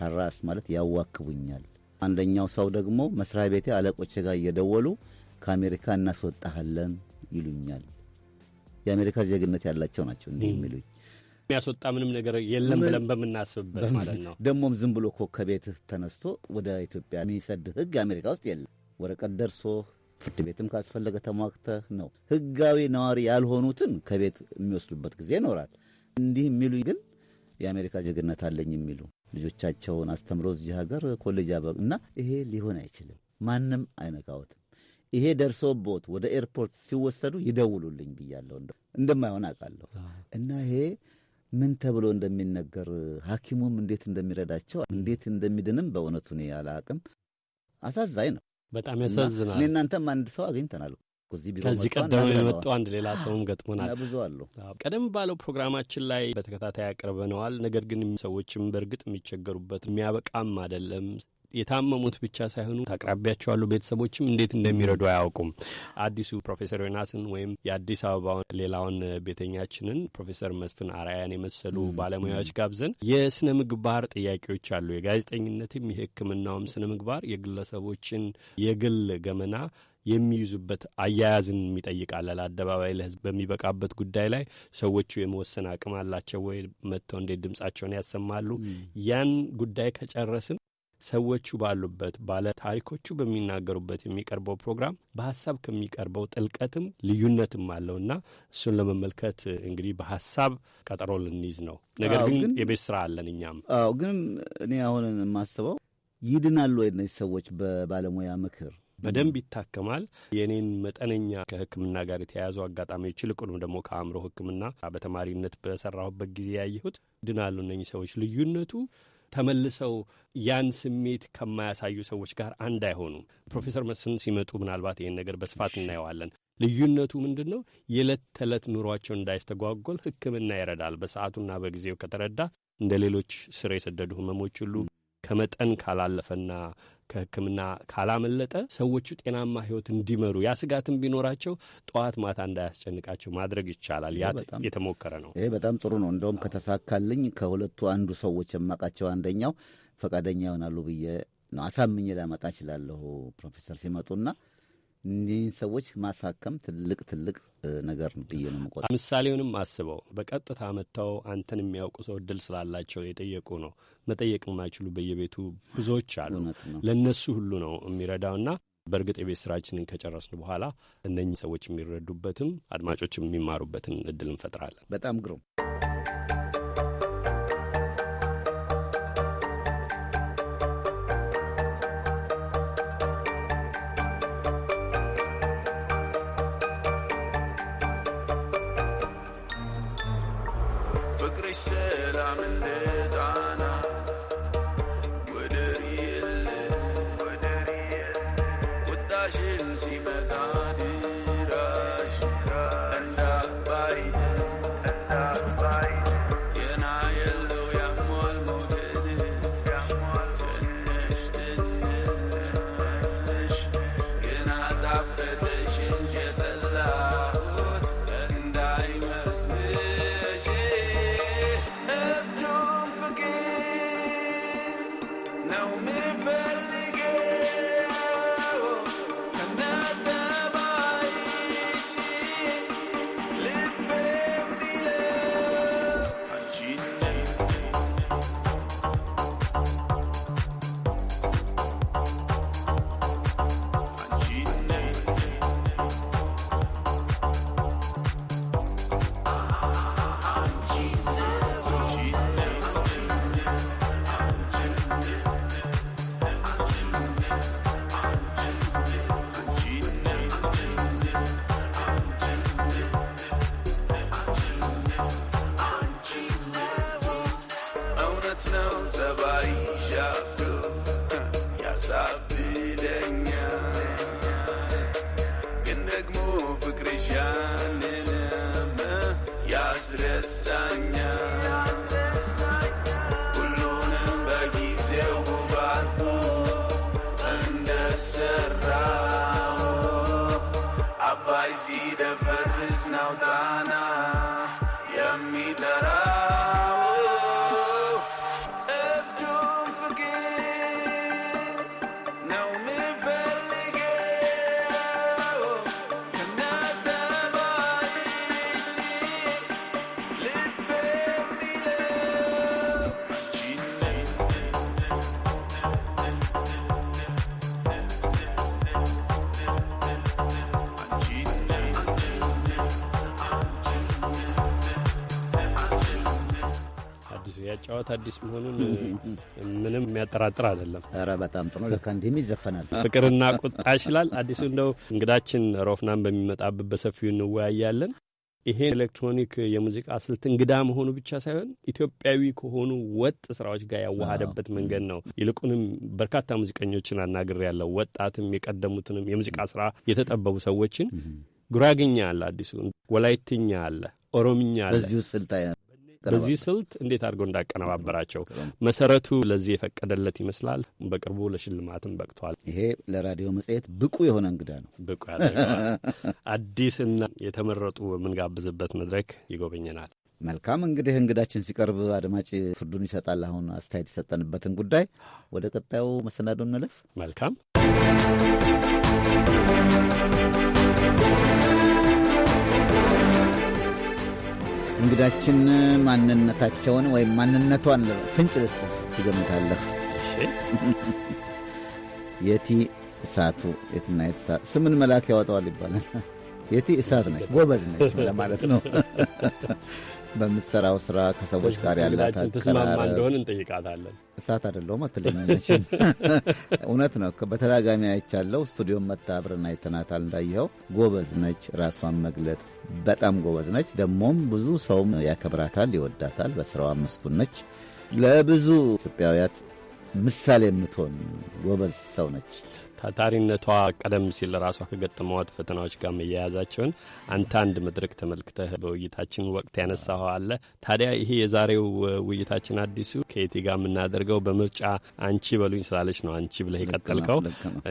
ሀራስ ማለት ያዋክቡኛል። አንደኛው ሰው ደግሞ መስሪያ ቤቴ አለቆቼ ጋር እየደወሉ ከአሜሪካ እናስወጣሃለን ይሉኛል። የአሜሪካ ዜግነት ያላቸው ናቸው እንዲህ የሚሉኝ የሚያስወጣ ምንም ነገር የለም ብለን በምናስብበት ማለት ነው። ደግሞም ዝም ብሎ እኮ ከቤትህ ተነስቶ ወደ ኢትዮጵያ የሚሰድ ህግ አሜሪካ ውስጥ የለም። ወረቀት ደርሶ ፍርድ ቤትም ካስፈለገ ተሟግተህ ነው። ህጋዊ ነዋሪ ያልሆኑትን ከቤት የሚወስዱበት ጊዜ ይኖራል። እንዲህ የሚሉ ግን የአሜሪካ ጀግነት አለኝ የሚሉ ልጆቻቸውን አስተምሮ እዚህ ሀገር ኮሌጅ አበቅ እና ይሄ ሊሆን አይችልም። ማንም አይነካዎትም። ይሄ ደርሶቦት ወደ ኤርፖርት ሲወሰዱ ይደውሉልኝ ብያለሁ። እንደማይሆን አውቃለሁ እና ይሄ ምን ተብሎ እንደሚነገር ሐኪሙም እንዴት እንደሚረዳቸው እንዴት እንደሚድንም በእውነቱ እኔ አላቅም። አሳዛኝ ነው፣ በጣም ያሳዝናል። እኔ እናንተም አንድ ሰው አግኝተናል። ከዚህ ቀደም የመጡ አንድ ሌላ ሰውም ገጥሞናል። ብዙ አሉ። ቀደም ባለው ፕሮግራማችን ላይ በተከታታይ አቅርበነዋል። ነገር ግን ሰዎችም በእርግጥ የሚቸገሩበት የሚያበቃም አይደለም። የታመሙት ብቻ ሳይሆኑ አቅራቢያቸው ያሉ ቤተሰቦችም እንዴት እንደሚረዱ አያውቁም። አዲሱ ፕሮፌሰር ዮናስን ወይም የአዲስ አበባውን ሌላውን ቤተኛችንን ፕሮፌሰር መስፍን አርአያን የመሰሉ ባለሙያዎች ጋብዘን የስነ ምግባር ጥያቄዎች አሉ። የጋዜጠኝነትም የሕክምናውም ስነ ምግባር የግለሰቦችን የግል ገመና የሚይዙበት አያያዝን የሚጠይቃል። አደባባይ ለህዝብ በሚበቃበት ጉዳይ ላይ ሰዎቹ የመወሰን አቅም አላቸው ወይ? መጥተው እንዴት ድምጻቸውን ያሰማሉ? ያን ጉዳይ ከጨረስን ሰዎቹ ባሉበት ባለ ታሪኮቹ በሚናገሩበት የሚቀርበው ፕሮግራም በሀሳብ ከሚቀርበው ጥልቀትም ልዩነትም አለውና እሱን ለመመልከት እንግዲህ በሀሳብ ቀጠሮ ልንይዝ ነው። ነገር ግን የቤት ስራ አለን እኛም። አዎ፣ ግን እኔ አሁን የማስበው ይድናሉ ወይ እነዚህ ሰዎች በባለሙያ ምክር በደንብ ይታከማል። የእኔን መጠነኛ ከሕክምና ጋር የተያያዙ አጋጣሚዎች ይልቁንም ደግሞ ከአእምሮ ሕክምና በተማሪነት በሰራሁበት ጊዜ ያየሁት ድናሉ እነኚህ ሰዎች ልዩነቱ ተመልሰው ያን ስሜት ከማያሳዩ ሰዎች ጋር አንድ አይሆኑም። ፕሮፌሰር መስፍን ሲመጡ ምናልባት ይህን ነገር በስፋት እናየዋለን። ልዩነቱ ምንድን ነው? የዕለት ተዕለት ኑሯቸው እንዳይስተጓጎል ሕክምና ይረዳል። በሰዓቱና በጊዜው ከተረዳ እንደ ሌሎች ስር የሰደዱ ህመሞች ሁሉ ከመጠን ካላለፈና ከሕክምና ካላመለጠ ሰዎቹ ጤናማ ህይወት እንዲመሩ ያ ስጋትም ቢኖራቸው ጠዋት ማታ እንዳያስጨንቃቸው ማድረግ ይቻላል። ያ የተሞከረ ነው። ይሄ በጣም ጥሩ ነው። እንደውም ከተሳካልኝ ከሁለቱ አንዱ ሰዎች የማውቃቸው አንደኛው ፈቃደኛ ይሆናሉ ብዬ ነው አሳምኜ ላመጣ እችላለሁ። ፕሮፌሰር ሲመጡና እኒህን ሰዎች ማሳከም ትልቅ ትልቅ ነገር ብዬ ነው የምቆጥረው። ምሳሌውንም አስበው በቀጥታ መጥተው አንተን የሚያውቁ ሰው እድል ስላላቸው የጠየቁ ነው። መጠየቅ የማይችሉ በየቤቱ ብዙዎች አሉ። ለእነሱ ሁሉ ነው የሚረዳውና በእርግጥ የቤት ስራችንን ከጨረስን በኋላ እነኚህ ሰዎች የሚረዱበትም አድማጮችም የሚማሩበትን እድል እንፈጥራለን። በጣም ግሩም always said I'm in it. I know. ያጫወት አዲስ መሆኑን ምንም የሚያጠራጥር አይደለም። ኧረ በጣም ጥሩ ለካ እንዲህም ይዘፈናል። ፍቅርና ቁጣ ይችላል። አዲሱ እንደው እንግዳችን ሮፍናን በሚመጣበት በሰፊው እንወያያለን። ይሄ ኤሌክትሮኒክ የሙዚቃ ስልት እንግዳ መሆኑ ብቻ ሳይሆን ኢትዮጵያዊ ከሆኑ ወጥ ስራዎች ጋር ያዋሃደበት መንገድ ነው። ይልቁንም በርካታ ሙዚቀኞችን አናግር ያለው ወጣትም የቀደሙትንም የሙዚቃ ስራ የተጠበቡ ሰዎችን ጉራግኛ አለ፣ አዲሱ ወላይትኛ አለ፣ ኦሮምኛ አለ። በዚሁ ስልት በዚህ ስልት እንዴት አድርገው እንዳቀነባበራቸው መሰረቱ ለዚህ የፈቀደለት ይመስላል። በቅርቡ ለሽልማትም በቅቷል። ይሄ ለራዲዮ መጽሔት ብቁ የሆነ እንግዳ ነው። ብቁ አዲስና የተመረጡ የምንጋብዝበት መድረክ ይጎበኘናል። መልካም እንግዲህ እንግዳችን ሲቀርብ አድማጭ ፍርዱን ይሰጣል። አሁን አስተያየት የሰጠንበትን ጉዳይ ወደ ቀጣዩ መሰናዶ እንለፍ። መልካም እንግዳችን ማንነታቸውን ወይም ማንነቷን ፍንጭ ልስጥ ትገምታለህ? የቲ እሳቱ የትና የትሳ ስምን መልአክ ያወጣዋል ይባላል። የቲ እሳት ነች፣ ጎበዝ ነች ለማለት ነው። በምትሰራው ስራ ከሰዎች ጋር ያላት ተስማማ እንደሆን እንጠይቃታለን። እሳት አይደለሁም አትለኝም። እውነት ነው። በተደጋጋሚ አይቻለው። ስቱዲዮም መታ አብረን አይተናታል። እንዳየኸው ጎበዝ ነች፣ ራሷን መግለጥ በጣም ጎበዝ ነች። ደግሞም ብዙ ሰውም ያከብራታል፣ ይወዳታል። በስራዋ ምስጉን ነች። ለብዙ ኢትዮጵያውያት ምሳሌ የምትሆን ጎበዝ ሰው ነች። ታታሪነቷ ቀደም ሲል ራሷ ከገጠመዋት ፈተናዎች ጋር መያያዛቸውን አንተ አንድ መድረክ ተመልክተህ በውይይታችን ወቅት ያነሳኸው አለ። ታዲያ ይሄ የዛሬው ውይይታችን አዲሱ ከየቲ ጋር የምናደርገው በምርጫ አንቺ በሉኝ ስላለች ነው። አንቺ ብለህ የቀጠልከው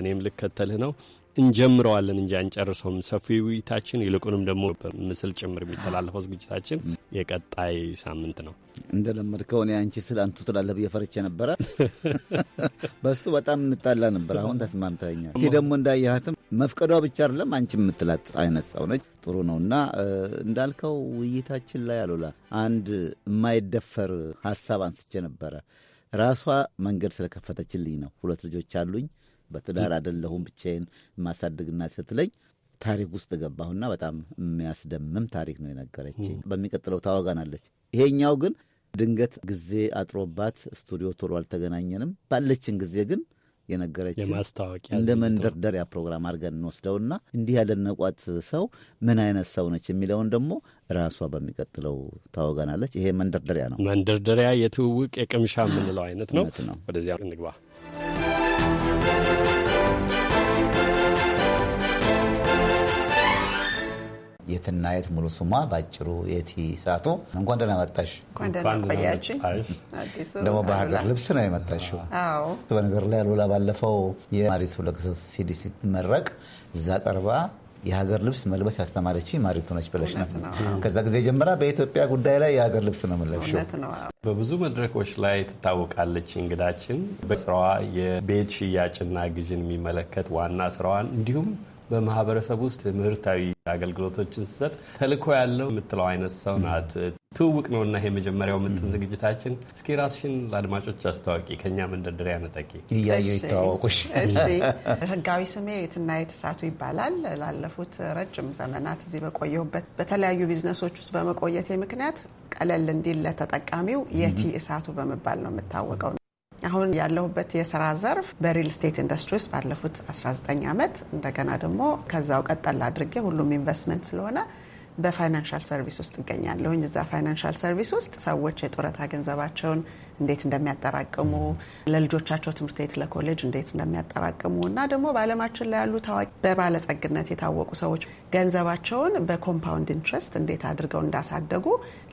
እኔም ልከተልህ ነው። እንጀምረዋለን እንጂ አንጨርሶም። ሰፊ ውይይታችን ይልቁንም ደግሞ በምስል ጭምር የሚተላለፈው ዝግጅታችን የቀጣይ ሳምንት ነው። እንደለመድከው እኔ አንቺ ስል አንቱ ትላለህ ብዬ ፈርቼ ነበረ። በሱ በጣም እንጣላ ነበር። አሁን ተስማምተኛል። ይህ ደግሞ እንዳያህትም መፍቀዷ ብቻ አይደለም አንቺ የምትላት አይነት ሰው ነች። ጥሩ ነው እና እንዳልከው ውይይታችን ላይ አሉላ አንድ የማይደፈር ሀሳብ አንስቼ ነበረ። ራሷ መንገድ ስለከፈተችልኝ ነው። ሁለት ልጆች አሉኝ። በትዳር አደለሁም ብቻዬን የማሳድግና ስትለኝ ታሪክ ውስጥ ገባሁና በጣም የሚያስደምም ታሪክ ነው የነገረች በሚቀጥለው ታወጋናለች። ይሄኛው ግን ድንገት ጊዜ አጥሮባት ስቱዲዮ ቶሎ አልተገናኘንም። ባለችን ጊዜ ግን የነገረችን እንደ መንደርደሪያ ፕሮግራም አድርገን እንወስደውና እንዲህ ያደነቋት ሰው ምን አይነት ሰው ነች የሚለውን ደግሞ ራሷ በሚቀጥለው ታወጋናለች። ይሄ መንደርደሪያ ነው። መንደርደሪያ የትውውቅ የቅምሻ የምንለው አይነት ነው። ወደዚያ እንግባ። የትና የት ሙሉ ስሟ በአጭሩ የቲ ሳቱ እንኳን ደህና መጣሽ። ደግሞ በሀገር ልብስ ነው የመጣሽው። በነገር ላይ አሉላ ባለፈው የማሪቱ ለቅሶ ሲዲ ሲመረቅ እዛ ቀርባ የሀገር ልብስ መልበስ ያስተማረች ማሪቱ ነች ብለሽ ነው። ከዛ ጊዜ ጀምራ በኢትዮጵያ ጉዳይ ላይ የሀገር ልብስ ነው የምንለብሽው። በብዙ መድረኮች ላይ ትታወቃለች። እንግዳችን በስራዋ የቤት ሽያጭና ግዥን የሚመለከት ዋና ስራዋን እንዲሁም በማህበረሰብ ውስጥ ትምህርታዊ አገልግሎቶችን ስሰጥ ተልእኮ ያለው የምትለው አይነት ሰው ናት። ትውውቅ ነው እና ይሄ መጀመሪያው ምጥን ዝግጅታችን። እስኪ ራስሽን ለአድማጮች አስተዋቂ ከእኛ መንደርደሪያ ነጠቂ እያየ ይተዋወቁሽ። ህጋዊ ስሜ የትናየት እሳቱ ይባላል። ላለፉት ረጅም ዘመናት እዚህ በቆየሁበት በተለያዩ ቢዝነሶች ውስጥ በመቆየቴ ምክንያት ቀለል እንዲል ለተጠቃሚው የቲ እሳቱ በመባል ነው የምታወቀው። አሁን ያለሁበት የስራ ዘርፍ በሪል ስቴት ኢንዱስትሪ ውስጥ ባለፉት 19 ዓመት እንደገና ደግሞ ከዛው ቀጠል አድርጌ ሁሉም ኢንቨስትመንት ስለሆነ በፋይናንሻል ሰርቪስ ውስጥ እገኛለሁኝ። እዛ ፋይናንሻል ሰርቪስ ውስጥ ሰዎች የጡረታ ገንዘባቸውን እንዴት እንደሚያጠራቅሙ ለልጆቻቸው ትምህርት ቤት ለኮሌጅ እንዴት እንደሚያጠራቅሙ እና ደግሞ በዓለማችን ላይ ያሉ ታዋቂ በባለጸግነት የታወቁ ሰዎች ገንዘባቸውን በኮምፓውንድ ኢንትረስት እንዴት አድርገው እንዳሳደጉ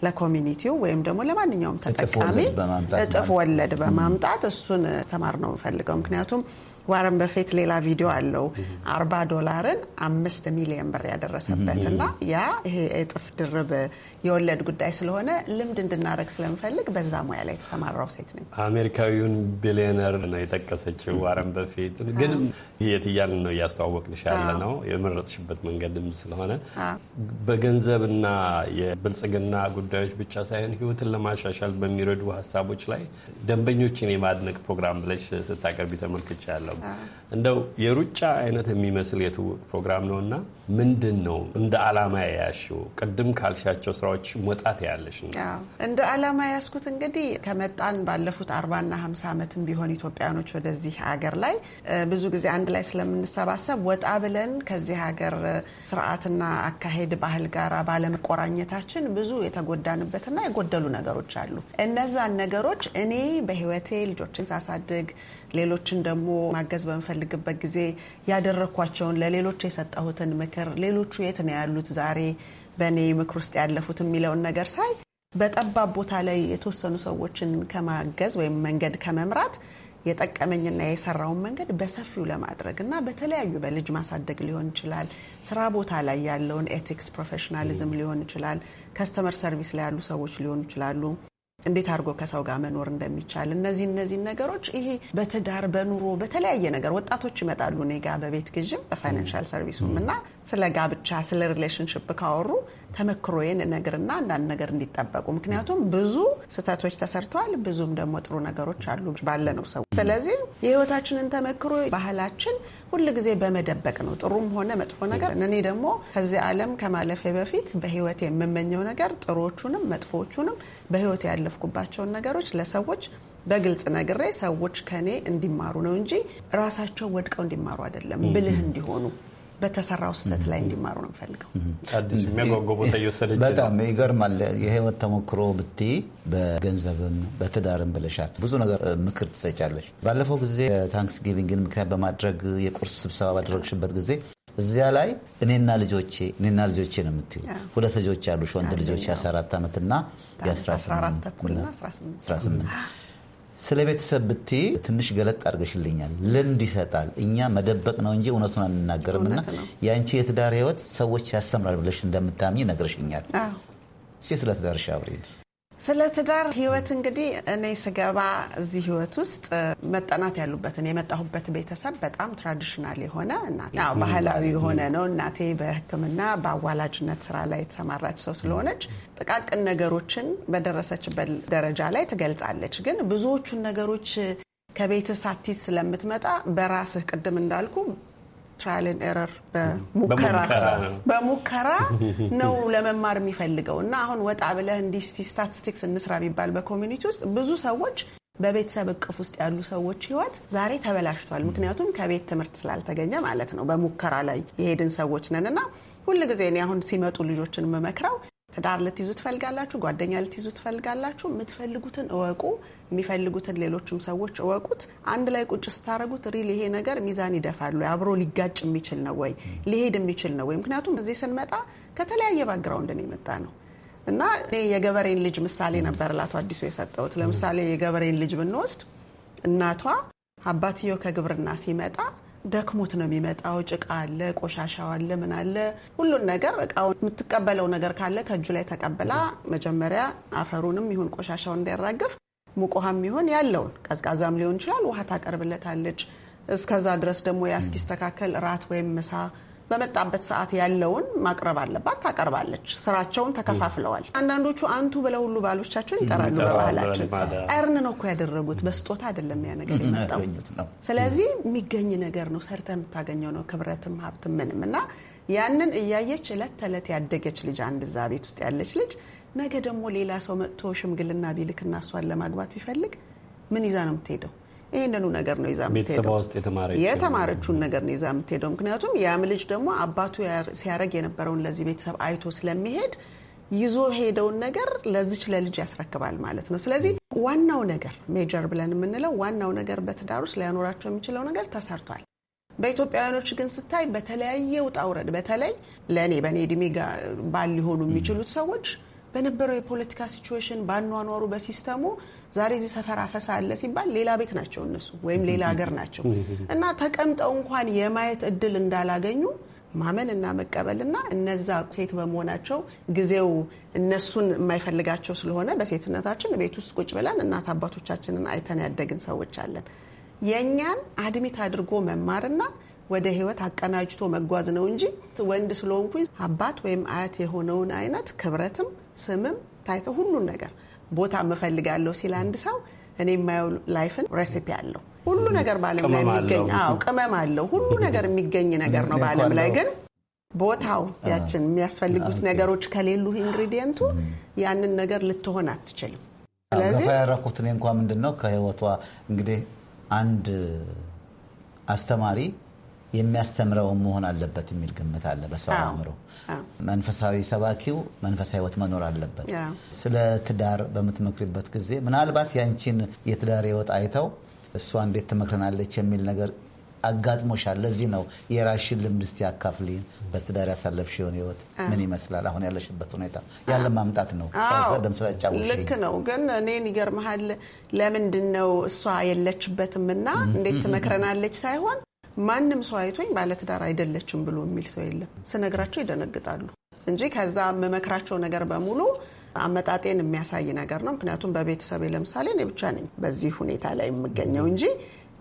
ለኮሚኒቲው ወይም ደግሞ ለማንኛውም ተጠቃሚ እጥፍ ወለድ በማምጣት እሱን አስተማር ነው የምፈልገው ምክንያቱም ዋረን በፌት ሌላ ቪዲዮ አለው 40 ዶላርን አምስት ሚሊዮን ብር ያደረሰበት እና ያ ይሄ እጥፍ ድርብ የወለድ ጉዳይ ስለሆነ ልምድ እንድናደረግ ስለምፈልግ በዛ ሙያ ላይ የተሰማራው ሴት ነኝ። አሜሪካዊውን ቢሊዮነር ነው የጠቀሰችው ዋረን በፊት ግን የት እያልን ነው እያስተዋወቅንሽ ያለ ነው የመረጥሽበት መንገድም ስለሆነ በገንዘብና የብልጽግና ጉዳዮች ብቻ ሳይሆን ህይወትን ለማሻሻል በሚረዱ ሀሳቦች ላይ ደንበኞችን የማድነቅ ፕሮግራም ብለሽ ስታቀርቢ ተመልክቻ ያለው እንደው የሩጫ አይነት የሚመስል የትውቅ ፕሮግራም ነው እና ምንድን ነው እንደ አላማ ያያሽው ቅድም ካልሻቸው ስራ ስፍራዎች መውጣት ያለሽ እንደ አላማ ያስኩት እንግዲህ ከመጣን ባለፉት አርባና ሀምሳ ዓመትም ቢሆን ኢትዮጵያኖች ወደዚህ ሀገር ላይ ብዙ ጊዜ አንድ ላይ ስለምንሰባሰብ ወጣ ብለን ከዚህ ሀገር ስርዓትና አካሄድ ባህል ጋር ባለመቆራኘታችን ብዙ የተጎዳንበትና የጎደሉ ነገሮች አሉ። እነዛን ነገሮች እኔ በህይወቴ ልጆችን ሳሳድግ ሌሎችን ደግሞ ማገዝ በምፈልግበት ጊዜ ያደረግኳቸውን ለሌሎች የሰጠሁትን ምክር ሌሎቹ የት ነው ያሉት ዛሬ በእኔ ምክር ውስጥ ያለፉት የሚለውን ነገር ሳይ በጠባብ ቦታ ላይ የተወሰኑ ሰዎችን ከማገዝ ወይም መንገድ ከመምራት የጠቀመኝና የሰራውን መንገድ በሰፊው ለማድረግ እና በተለያዩ በልጅ ማሳደግ ሊሆን ይችላል፣ ስራ ቦታ ላይ ያለውን ኤቲክስ ፕሮፌሽናሊዝም ሊሆን ይችላል፣ ከስተመር ሰርቪስ ላይ ያሉ ሰዎች ሊሆኑ ይችላሉ፣ እንዴት አድርጎ ከሰው ጋር መኖር እንደሚቻል እነዚህ እነዚህን ነገሮች ይሄ በትዳር በኑሮ በተለያየ ነገር ወጣቶች ይመጣሉ እኔ በቤት ግዥም በፋይናንሻል ሰርቪሱም እና ስለ ጋብቻ ስለ ሪሌሽንሽፕ ካወሩ ተመክሮዬን ነገርና አንዳንድ ነገር እንዲጠበቁ ምክንያቱም ብዙ ስህተቶች ተሰርተዋል። ብዙም ደግሞ ጥሩ ነገሮች አሉ ባለ ነው ሰው። ስለዚህ የህይወታችንን ተመክሮ ባህላችን ጊዜ በመደበቅ ነው ጥሩም ሆነ መጥፎ ነገር። እኔ ደግሞ ከዚህ ዓለም ከማለፌ በፊት በህይወት የምመኘው ነገር ጥሮቹንም መጥፎቹንም በህይወት ያለፍኩባቸውን ነገሮች ለሰዎች በግልጽ ነግሬ ሰዎች ከኔ እንዲማሩ ነው እንጂ ራሳቸው ወድቀው እንዲማሩ አይደለም፣ ብልህ እንዲሆኑ በተሰራው ስህተት ላይ እንዲማሩ ነው የምፈልገው። በጣም ይገርማል። የህይወት ተሞክሮ ብትይ በገንዘብም በትዳርም ብለሻል። ብዙ ነገር ምክር ትሰጫለች። ባለፈው ጊዜ ታንክስ ጊቪንግን ምክንያት በማድረግ የቁርስ ስብሰባ ባደረግሽበት ጊዜ እዚያ ላይ እኔና ልጆቼ እኔና ልጆቼ ነው የምትይው። ሁለት ልጆች ያሉሽ ወንድ ልጆች የ14 ዓመትና የ18 ስለ ቤተሰብ ብቴ ትንሽ ገለጥ አድርገሽልኛል። ልምድ ይሰጣል። እኛ መደበቅ ነው እንጂ እውነቱን አንናገርም እና የአንቺ የትዳር ህይወት ሰዎች ያስተምራል ብለሽ እንደምታምኝ ነግረሽኛል። ሴ ስለ ትዳርሽ አውሪኝ። ስለ ትዳር ህይወት እንግዲህ እኔ ስገባ እዚህ ህይወት ውስጥ መጠናት ያሉበትን የመጣሁበት ቤተሰብ በጣም ትራዲሽናል የሆነ እና ባህላዊ የሆነ ነው። እናቴ በሕክምና በአዋላጅነት ስራ ላይ የተሰማራች ሰው ስለሆነች ጥቃቅን ነገሮችን በደረሰችበት ደረጃ ላይ ትገልጻለች። ግን ብዙዎቹን ነገሮች ከቤት ሳቲስ ስለምትመጣ በራስህ ቅድም እንዳልኩ ትራያልን ኤረር በሙከራ ነው ለመማር የሚፈልገው እና አሁን ወጣ ብለህ እንዲህ ስታቲስቲክስ እንስራ ቢባል በኮሚኒቲ ውስጥ ብዙ ሰዎች በቤተሰብ እቅፍ ውስጥ ያሉ ሰዎች ህይወት ዛሬ ተበላሽቷል። ምክንያቱም ከቤት ትምህርት ስላልተገኘ ማለት ነው። በሙከራ ላይ የሄድን ሰዎች ነን እና ሁልጊዜ እኔ አሁን ሲመጡ ልጆችን የምመክረው ትዳር ልትይዙ ትፈልጋላችሁ፣ ጓደኛ ልትይዙ ትፈልጋላችሁ፣ የምትፈልጉትን እወቁ፣ የሚፈልጉትን ሌሎችም ሰዎች እወቁት። አንድ ላይ ቁጭ ስታደረጉት ሪል ይሄ ነገር ሚዛን ይደፋሉ፣ አብሮ ሊጋጭ የሚችል ነው ወይ ሊሄድ የሚችል ነው ወይ? ምክንያቱም እዚህ ስንመጣ ከተለያየ ባግራውንድ ነው የመጣ ነው እና እኔ የገበሬን ልጅ ምሳሌ ነበር ለአቶ አዲሱ የሰጠሁት። ለምሳሌ የገበሬን ልጅ ብንወስድ እናቷ አባትየው ከግብርና ሲመጣ ደክሞት ነው የሚመጣው። ጭቃ አለ፣ ቆሻሻው አለ፣ ምን አለ፣ ሁሉን ነገር እቃውን የምትቀበለው ነገር ካለ ከእጁ ላይ ተቀብላ መጀመሪያ አፈሩንም ይሁን ቆሻሻውን እንዳይራገፍ ሙቅ ውሃም ይሁን ያለውን ቀዝቃዛም ሊሆን ይችላል ውሃ ታቀርብለታለች። እስከዛ ድረስ ደግሞ ያ እስኪስተካከል እራት ወይም ምሳ በመጣበት ሰዓት ያለውን ማቅረብ አለባት፣ ታቀርባለች። ስራቸውን ተከፋፍለዋል። አንዳንዶቹ አንቱ ብለው ሁሉ ባሎቻቸውን ይጠራሉ። በባህላችን እርን ነው እኮ ያደረጉት፣ በስጦታ አይደለም ያ ነገር የመጣው። ስለዚህ የሚገኝ ነገር ነው፣ ሰርተ የምታገኘው ነው፣ ክብረትም ሀብትም ምንም እና ያንን እያየች እለት ተዕለት ያደገች ልጅ አንድ እዛ ቤት ውስጥ ያለች ልጅ ነገ ደግሞ ሌላ ሰው መጥቶ ሽምግልና ቢልክና እሷን ለማግባት ቢፈልግ ምን ይዛ ነው የምትሄደው? ይህንኑ ነገር ነው ይዛ የምትሄደው። የተማረችውን ነገር ነው ይዛ የምትሄደው። ምክንያቱም ያም ልጅ ደግሞ አባቱ ሲያደርግ የነበረውን ለዚህ ቤተሰብ አይቶ ስለሚሄድ ይዞ ሄደውን ነገር ለዚች ለልጅ ያስረክባል ማለት ነው። ስለዚህ ዋናው ነገር ሜጀር ብለን የምንለው ዋናው ነገር በትዳር ውስጥ ሊያኖራቸው የሚችለው ነገር ተሰርቷል። በኢትዮጵያውያኖች ግን ስታይ በተለያየ ውጣ ውረድ በተለይ ለእኔ በእኔ እድሜ ባል ሊሆኑ የሚችሉት ሰዎች በነበረው የፖለቲካ ሲቹዌሽን፣ ባኗኗሩ፣ በሲስተሙ ዛሬ እዚህ ሰፈር አፈሳ አለ ሲባል ሌላ ቤት ናቸው እነሱ ወይም ሌላ ሀገር ናቸው እና ተቀምጠው እንኳን የማየት እድል እንዳላገኙ ማመን እና መቀበል እና እነዛ ሴት በመሆናቸው ጊዜው እነሱን የማይፈልጋቸው ስለሆነ በሴትነታችን ቤት ውስጥ ቁጭ ብለን እናት አባቶቻችንን አይተን ያደግን ሰዎች አለን። የእኛን አድሚት አድርጎ መማርና ወደ ህይወት አቀናጅቶ መጓዝ ነው እንጂ ወንድ ስለሆንኩኝ አባት ወይም አያት የሆነውን አይነት ክብረትም ስምም ታይተ ሁሉን ነገር ቦታ ምፈልጋለሁ ሲል አንድ ሰው እኔ የማየው ላይፍን ሬሲፒ አለው። ሁሉ ነገር በዓለም ላይ የሚገኝ አዎ፣ ቅመም አለው። ሁሉ ነገር የሚገኝ ነገር ነው በዓለም ላይ ግን ቦታው ያችን የሚያስፈልጉት ነገሮች ከሌሉ ኢንግሪዲየንቱ ያንን ነገር ልትሆን አትችልም። ስለዚህ ያረኩት እኔ እንኳ ምንድን ነው ከህይወቷ እንግዲህ አንድ አስተማሪ የሚያስተምረው መሆን አለበት የሚል ግምት አለ በሰው አእምሮ። መንፈሳዊ ሰባኪው መንፈሳዊ ህይወት መኖር አለበት። ስለ ትዳር በምትመክርበት ጊዜ ምናልባት ያንቺን የትዳር ህይወት አይተው እሷ እንዴት ትመክረናለች የሚል ነገር አጋጥሞሻል። ለዚህ ነው የራሽን ልምድ እስቲ አካፍሊን። በትዳር ያሳለፍሽውን ህይወት ምን ይመስላል? አሁን ያለሽበት ሁኔታ ያለ ማምጣት ነው። ቀደም ስለጫወትሽኝ ልክ ነው። ግን እኔን ይገርመሃል። ለምንድን ነው እሷ የለችበትም እና እንዴት ትመክረናለች ሳይሆን ማንም ሰው አይቶኝ ባለትዳር አይደለችም ብሎ የሚል ሰው የለም። ስነግራቸው ይደነግጣሉ እንጂ ከዛ የምመክራቸው ነገር በሙሉ አመጣጤን የሚያሳይ ነገር ነው። ምክንያቱም በቤተሰቤ ለምሳሌ እኔ ብቻ ነኝ በዚህ ሁኔታ ላይ የምገኘው እንጂ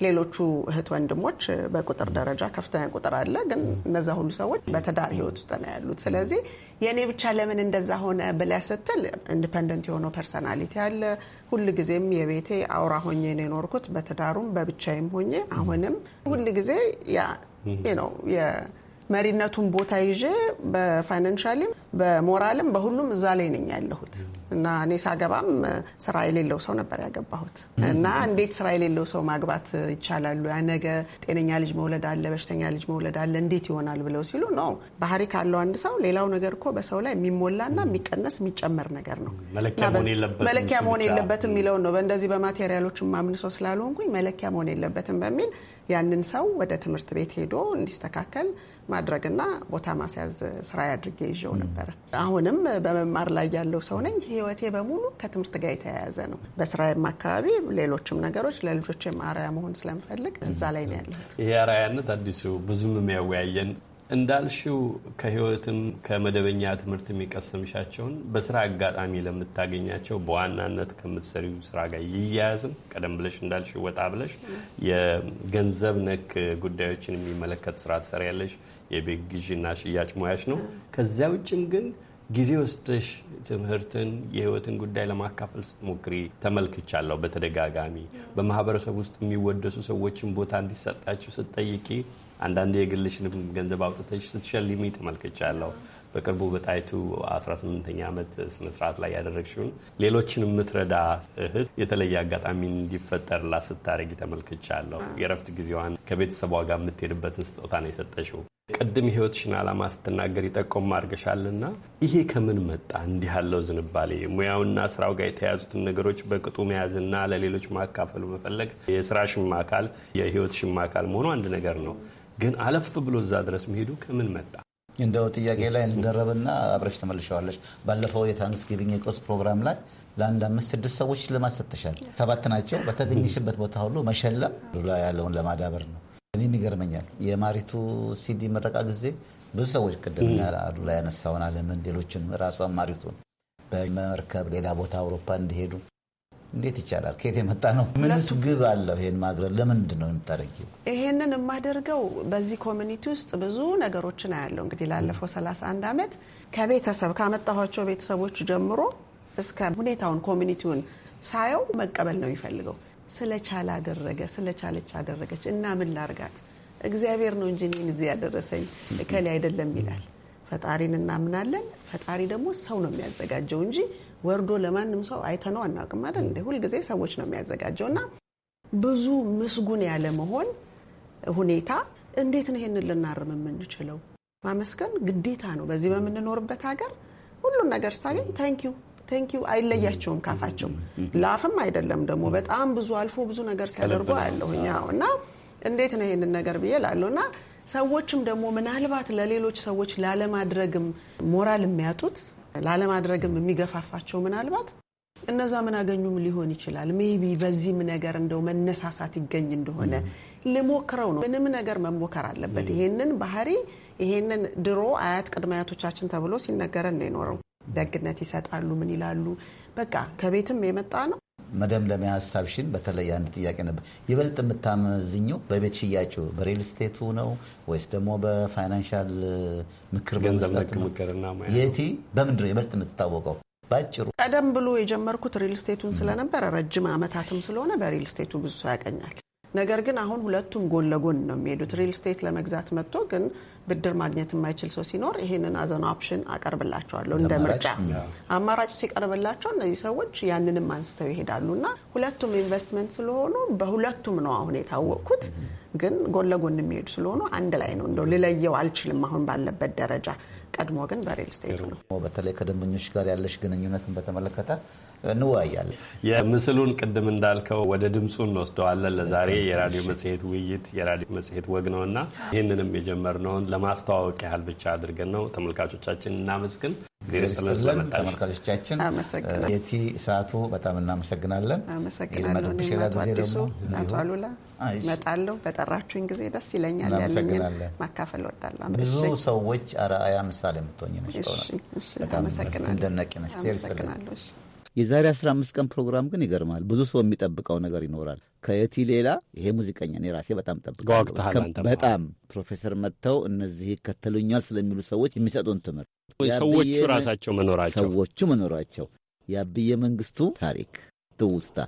ሌሎቹ እህት ወንድሞች በቁጥር ደረጃ ከፍተኛ ቁጥር አለ፣ ግን እነዛ ሁሉ ሰዎች በትዳር ህይወት ውስጥ ነው ያሉት። ስለዚህ የእኔ ብቻ ለምን እንደዛ ሆነ ብለህ ስትል ኢንዲፐንደንት የሆነው ፐርሰናሊቲ አለ። ጊዜም የቤቴ አውራ ሆኜ ነው የኖርኩት፣ በትዳሩም በብቻዬም ሆኜ አሁንም ጊዜ ያ ነው መሪነቱን ቦታ ይዤ በፋይናንሻሊም በሞራልም በሁሉም እዛ ላይ ነኝ ያለሁት እና እኔ ሳገባም ስራ የሌለው ሰው ነበር ያገባሁት። እና እንዴት ስራ የሌለው ሰው ማግባት ይቻላሉ? ያ ነገ ጤነኛ ልጅ መውለድ አለ፣ በሽተኛ ልጅ መውለድ አለ፣ እንዴት ይሆናል ብለው ሲሉ ነው ባህሪ ካለው አንድ ሰው። ሌላው ነገር እኮ በሰው ላይ የሚሞላና የሚቀነስ የሚጨመር ነገር ነው። መለኪያ መሆን የለበትም የሚለውን ነው። በእንደዚህ በማቴሪያሎች ማምን ሰው ስላልሆንኩኝ መለኪያ መሆን የለበትም በሚል ያንን ሰው ወደ ትምህርት ቤት ሄዶ እንዲስተካከል ማድረግና ቦታ ማስያዝ ስራ አድርጌ ይዤው ነበረ። አሁንም በመማር ላይ ያለው ሰው ነኝ። ህይወቴ በሙሉ ከትምህርት ጋር የተያያዘ ነው። በስራዬም አካባቢ፣ ሌሎችም ነገሮች ለልጆቼም አርአያ መሆን ስለምፈልግ እዛ ላይ ነው ያለሁት። ይሄ አርአያነት አዲሱ ብዙም የሚያወያየን እንዳልሽው ከህይወትም ከመደበኛ ትምህርት የሚቀሰምሻቸውን በስራ አጋጣሚ ለምታገኛቸው በዋናነት ከምትሰሪው ስራ ጋር ይያያዝም ቀደም ብለሽ እንዳልሽው ወጣ ብለሽ የገንዘብ ነክ ጉዳዮችን የሚመለከት ስራ ትሰሪያለሽ። የቤት ግዢና ሽያጭ ሙያሽ ነው። ከዚያ ውጭም ግን ጊዜ ወስደሽ ትምህርትን፣ የህይወትን ጉዳይ ለማካፈል ስትሞክሪ ተመልክቻለሁ። በተደጋጋሚ በማህበረሰብ ውስጥ የሚወደሱ ሰዎችን ቦታ እንዲሰጣቸው ስትጠይቂ አንዳንድ የግልሽንም ገንዘብ አውጥተሽ ስትሸልሚ ተመልክቻለሁ። በቅርቡ በጣይቱ 18ኛ ዓመት ስነስርዓት ላይ ያደረግሽውን ሌሎችን የምትረዳ እህት የተለየ አጋጣሚ እንዲፈጠርላት ስታደርጊ ተመልክቻለሁ። የእረፍት ጊዜዋን ከቤተሰቧ ጋር የምትሄድበትን ስጦታ ነው የሰጠሽው። ቅድም የህይወትሽን ዓላማ ስትናገር ይጠቆም አድርገሻልና ይሄ ከምን መጣ? እንዲህ ያለው ዝንባሌ ሙያውና ስራው ጋር የተያዙትን ነገሮች በቅጡ መያዝና ለሌሎች ማካፈሉ መፈለግ የስራሽም አካል የህይወትሽም አካል መሆኑ አንድ ነገር ነው። ግን አለፍ ብሎ እዛ ድረስ መሄዱ ከምን መጣ? እንደው ጥያቄ ላይ እንደረብና አብረሽ ተመልሸዋለች። ባለፈው የታንክስ ጊቪንግ የቁርስ ፕሮግራም ላይ ለአንድ አምስት ስድስት ሰዎች ሽልማት ሰጥተሻል። ሰባት ናቸው። በተገኘሽበት ቦታ ሁሉ መሸለም ሉላ ያለውን ለማዳበር ነው። እኔም ይገርመኛል የማሪቱ ሲዲ መረቃ ጊዜ ብዙ ሰዎች ቅድም ሉላ ያነሳውን አለምን ሌሎችን ራሷን ማሪቱን በመርከብ ሌላ ቦታ አውሮፓ እንዲሄዱ እንዴት ይቻላል? ከየት የመጣ ነው? ምንስ ግብ አለው? ይሄን ማግረብ ለምንድን ነው የምታደርጊው? ይሄንን የማደርገው በዚህ ኮሚኒቲ ውስጥ ብዙ ነገሮችን አያለው። እንግዲህ ላለፈው 31 ዓመት ከቤተሰብ ካመጣኋቸው ቤተሰቦች ጀምሮ እስከ ሁኔታውን ኮሚኒቲውን ሳየው መቀበል ነው የሚፈልገው። ስለቻለ አደረገ፣ ስለቻለች አደረገች እና ምን ላርጋት፣ እግዚአብሔር ነው እንጂ እኔን እዚህ ያደረሰኝ እከሌ አይደለም ይላል። ፈጣሪን እናምናለን። ፈጣሪ ደግሞ ሰው ነው የሚያዘጋጀው እንጂ ወርዶ ለማንም ሰው አይተነው አናውቅም አይደል እንደ ሁልጊዜ ሰዎች ነው የሚያዘጋጀው እና ብዙ ምስጉን ያለ መሆን ሁኔታ እንዴት ነው ይሄንን ልናርም የምንችለው? ማመስገን ግዴታ ነው። በዚህ በምንኖርበት ሀገር ሁሉን ነገር ስታገኝ ታንኪዩ ታንኪዩ አይለያቸውም ካፋቸው ላፍም አይደለም ደግሞ በጣም ብዙ አልፎ ብዙ ነገር ሲያደርጉ አያለሁኝ እና እንዴት ነው ይሄንን ነገር ብዬ ላለሁ እና ሰዎችም ደግሞ ምናልባት ለሌሎች ሰዎች ላለማድረግም ሞራል የሚያጡት ላለማድረግም የሚገፋፋቸው ምናልባት እነዛ ምን አገኙም ሊሆን ይችላል። ሜቢ በዚህም ነገር እንደው መነሳሳት ይገኝ እንደሆነ ልሞክረው ነው። ምንም ነገር መሞከር አለበት። ይሄንን ባህሪ ይሄንን ድሮ አያት ቅድመ አያቶቻችን ተብሎ ሲነገረን ነው የኖረው። ደግነት ይሰጣሉ ምን ይላሉ። በቃ ከቤትም የመጣ ነው መደምደሚያ ሀሳብሽን በተለይ አንድ ጥያቄ ነበር። ይበልጥ የምታመዝኙ በቤት ሽያጩ በሪል ስቴቱ ነው ወይስ ደግሞ በፋይናንሻል ምክር በመስጠት የቲ በምንድነው ይበልጥ የምትታወቀው? ባጭሩ ቀደም ብሎ የጀመርኩት ሪል ስቴቱን ስለነበረ ረጅም ዓመታትም ስለሆነ በሪል ስቴቱ ብዙ ሰው ያቀኛል። ነገር ግን አሁን ሁለቱም ጎን ለጎን ነው የሚሄዱት። ሪል ስቴት ለመግዛት መጥቶ ግን ብድር ማግኘት የማይችል ሰው ሲኖር ይህንን አዘን ኦፕሽን አቀርብላቸዋለሁ እንደ ምርጫ አማራጭ ሲቀርብላቸው እነዚህ ሰዎች ያንንም አንስተው ይሄዳሉ እና ሁለቱም ኢንቨስትመንት ስለሆኑ በሁለቱም ነው አሁን የታወቅኩት ግን ጎን ለጎን የሚሄዱ ስለሆኑ አንድ ላይ ነው። እንደው ልለየው አልችልም አሁን ባለበት ደረጃ። ቀድሞ ግን በሪል ስቴቱ ነው። በተለይ ከደንበኞች ጋር ያለሽ ግንኙነትን በተመለከተ እንወያያለን። የምስሉን ቅድም እንዳልከው ወደ ድምፁ እንወስደዋለን። ለዛሬ የራዲዮ መጽሔት ውይይት የራዲዮ መጽሔት ወግ ነው እና ይህንንም የጀመርነውን ለማስተዋወቅ ያህል ብቻ አድርገን ነው። ተመልካቾቻችን እናመስግን። ስትለን ተመልካቾቻችን የቲ ሰዓቱ በጣም እናመሰግናለን። አመሰግናለሁ። አቶ አሉላ እመጣለሁ። በጠራችሁኝ ጊዜ ደስ ይለኛል። ያለኝን ማካፈል እወዳለሁ። ብዙ ሰዎች አርአያ ምሳሌ የምትሆኝ ነሽጠናልበጣምደነቂ ነሽ። የዛሬ 15 ቀን ፕሮግራም ግን ይገርማል። ብዙ ሰው የሚጠብቀው ነገር ይኖራል። ከየቲ ሌላ ይሄ ሙዚቀኛ እኔ ራሴ በጣም ጠብቀው በጣም ፕሮፌሰር መጥተው እነዚህ ይከተሉኛል ስለሚሉ ሰዎች የሚሰጡን ትምህርት ሰዎቹ ራሳቸው መኖራቸው ሰዎቹ መኖራቸው የአብዬ መንግስቱ ታሪክ ትውስታ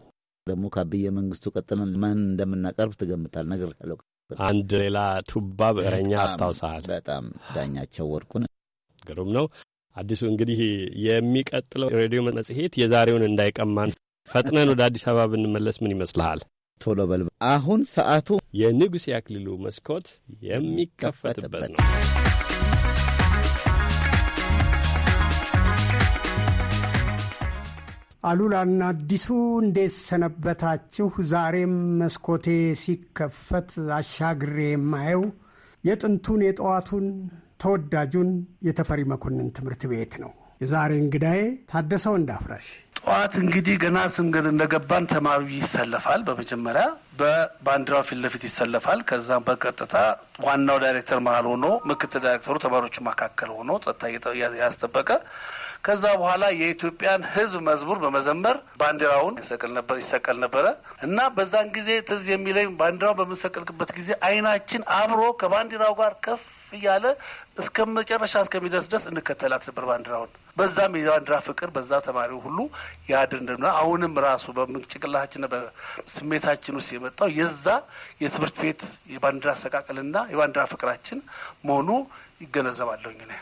ደግሞ ከአብየ መንግስቱ ቀጥለን ማን እንደምናቀርብ ትገምታል ነገር ያለው አንድ ሌላ ቱባ ብዕረኛ አስታውሰሃል። በጣም ዳኛቸው ወርቁን ግሩም ነው። አዲሱ እንግዲህ የሚቀጥለው ሬዲዮ መጽሔት የዛሬውን እንዳይቀማን ፈጥነን ወደ አዲስ አበባ ብንመለስ ምን ይመስልሃል? ቶሎ በል አሁን ሰዓቱ የንጉሥ ያክልሉ መስኮት የሚከፈትበት ነው። አሉላና አዲሱ እንዴት ሰነበታችሁ? ዛሬም መስኮቴ ሲከፈት አሻግሬ የማየው የጥንቱን የጠዋቱን ተወዳጁን የተፈሪ መኮንን ትምህርት ቤት ነው። የዛሬ እንግዳዬ ታደሰው እንዳፍራሽ ጠዋት እንግዲህ ገና ስንገድ እንደገባን ተማሪ ይሰለፋል። በመጀመሪያ በባንዲራው ፊት ለፊት ይሰለፋል። ከዛም በቀጥታ ዋናው ዳይሬክተር መሀል ሆኖ ምክትል ዳይሬክተሩ ተማሪዎቹ መካከል ሆኖ ጸጥታ ያስጠበቀ ከዛ በኋላ የኢትዮጵያን ህዝብ መዝሙር በመዘመር ባንዲራውን ይሰቀል ነበር ይሰቀል ነበረ እና በዛን ጊዜ ትዝ የሚለኝ ባንዲራው በምንሰቀልበት ጊዜ አይናችን አብሮ ከባንዲራው ጋር ከፍ እያለ እስከ መጨረሻ እስከሚደርስ ድረስ እንከተላት ነበር ባንዲራውን። በዛም የባንዲራ ፍቅር በዛ ተማሪ ሁሉ ያድር እንደምና አሁንም ራሱ በጭንቅላታችን በስሜታችን ውስጥ የመጣው የዛ የትምህርት ቤት የባንዲራ አሰቃቀልና የባንዲራ ፍቅራችን መሆኑ ይገነዘባለሁኝ ነ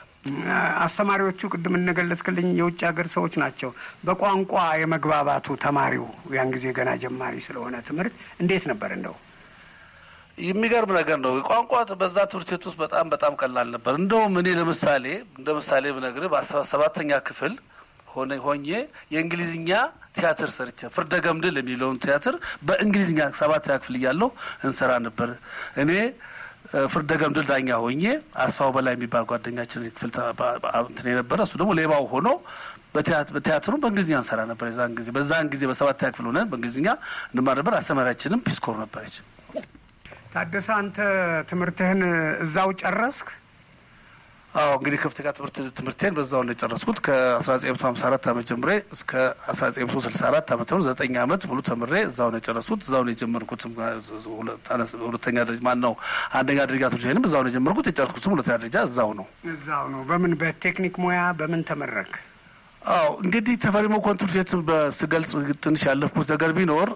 አስተማሪዎቹ ቅድም እነገለጽክልኝ የውጭ ሀገር ሰዎች ናቸው። በቋንቋ የመግባባቱ ተማሪው ያን ጊዜ ገና ጀማሪ ስለሆነ ትምህርት እንዴት ነበር? እንደው የሚገርም ነገር ነው። ቋንቋ በዛ ትምህርት ቤት ውስጥ በጣም በጣም ቀላል ነበር። እንደውም እኔ ለምሳሌ እንደ ምሳሌ ብነግርህ በሰባተኛ ክፍል ሆነ ሆኜ የእንግሊዝኛ ቲያትር ሰርቼ ፍርደ ገምድል የሚለውን ቲያትር በእንግሊዝኛ ሰባተኛ ክፍል እያለሁ እንሰራ ነበር እኔ ፍርደ ገምድል ዳኛ ሆኜ አስፋው በላይ የሚባል ጓደኛችን ፍልትን የነበረ እሱ ደግሞ ሌባው ሆኖ በቲያትሩ በእንግሊዝኛ እንሰራ ነበር። የዛን ጊዜ በዛን ጊዜ በሰባተኛ ክፍል ሆነን በእንግሊዝኛ እንማር ነበር። አስተማሪያችንም ፒስኮር ነበረች። ታደሰ፣ አንተ ትምህርትህን እዛው ጨረስክ? አዎ እንግዲህ ከፍተኛ ትምህርት ትምህርቴን በዛው ነው የጨረስኩት ከ1954 ዓመት ጀምሬ እስከ 1964 ዓመት ሆነ ዘጠኝ ዓመት ሙሉ ተምሬ እዛው ነው የጨረስኩት። እዛው ነው የጀመርኩት። ሁለተኛ ደረጃ ማን ነው አንደኛ ደረጃ ትምህርት ቤንም እዛው ነው የጀመርኩት። የጨረስኩትም ሁለተኛ ደረጃ እዛው ነው እዛው ነው። በምን በቴክኒክ ሙያ በምን ተመረክ? አዎ እንግዲህ ተፈሪ መኮንን ትምህርት ቤት በስገልጽ ትንሽ ያለፍኩት ነገር ቢኖር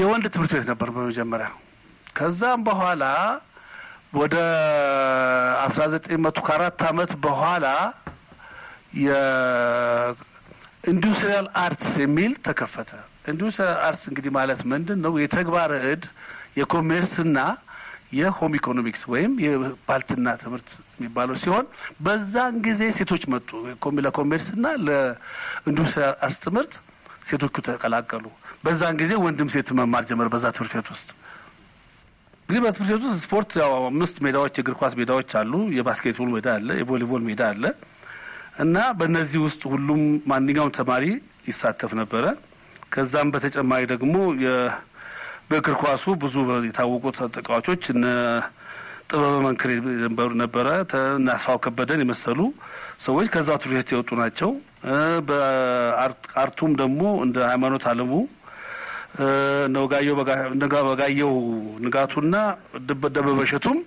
የወንድ ትምህርት ቤት ነበር በመጀመሪያ ከዛም በኋላ ወደ አስራ ዘጠኝ መቶ ከአራት አመት በኋላ የኢንዱስትሪያል አርትስ የሚል ተከፈተ። ኢንዱስትሪያል አርትስ እንግዲህ ማለት ምንድን ነው? የተግባር እድ የኮሜርስና የሆም ኢኮኖሚክስ ወይም የባልትና ትምህርት የሚባለው ሲሆን በዛን ጊዜ ሴቶች መጡ። ለኮሜርስና ለኢንዱስትሪያል አርትስ ትምህርት ሴቶቹ ተቀላቀሉ። በዛን ጊዜ ወንድም ሴት መማር ጀመር በዛ ትምህርት ቤት ውስጥ እንግዲህ በትምህርት ቤቱ ስፖርት ያው አምስት ሜዳዎች የእግር ኳስ ሜዳዎች አሉ፣ የባስኬትቦል ሜዳ አለ፣ የቮሊቦል ሜዳ አለ እና በእነዚህ ውስጥ ሁሉም ማንኛውም ተማሪ ይሳተፍ ነበረ። ከዛም በተጨማሪ ደግሞ በእግር ኳሱ ብዙ የታወቁ ተጫዋቾች እነ ጥበበ መንክር ነበረ፣ አስፋው ከበደን የመሰሉ ሰዎች ከዛ ትሪት የወጡ ናቸው። በአርቱም ደግሞ እንደ ሃይማኖት አለሙ ነጋየው ንጋቱና ደበበ በሸቱም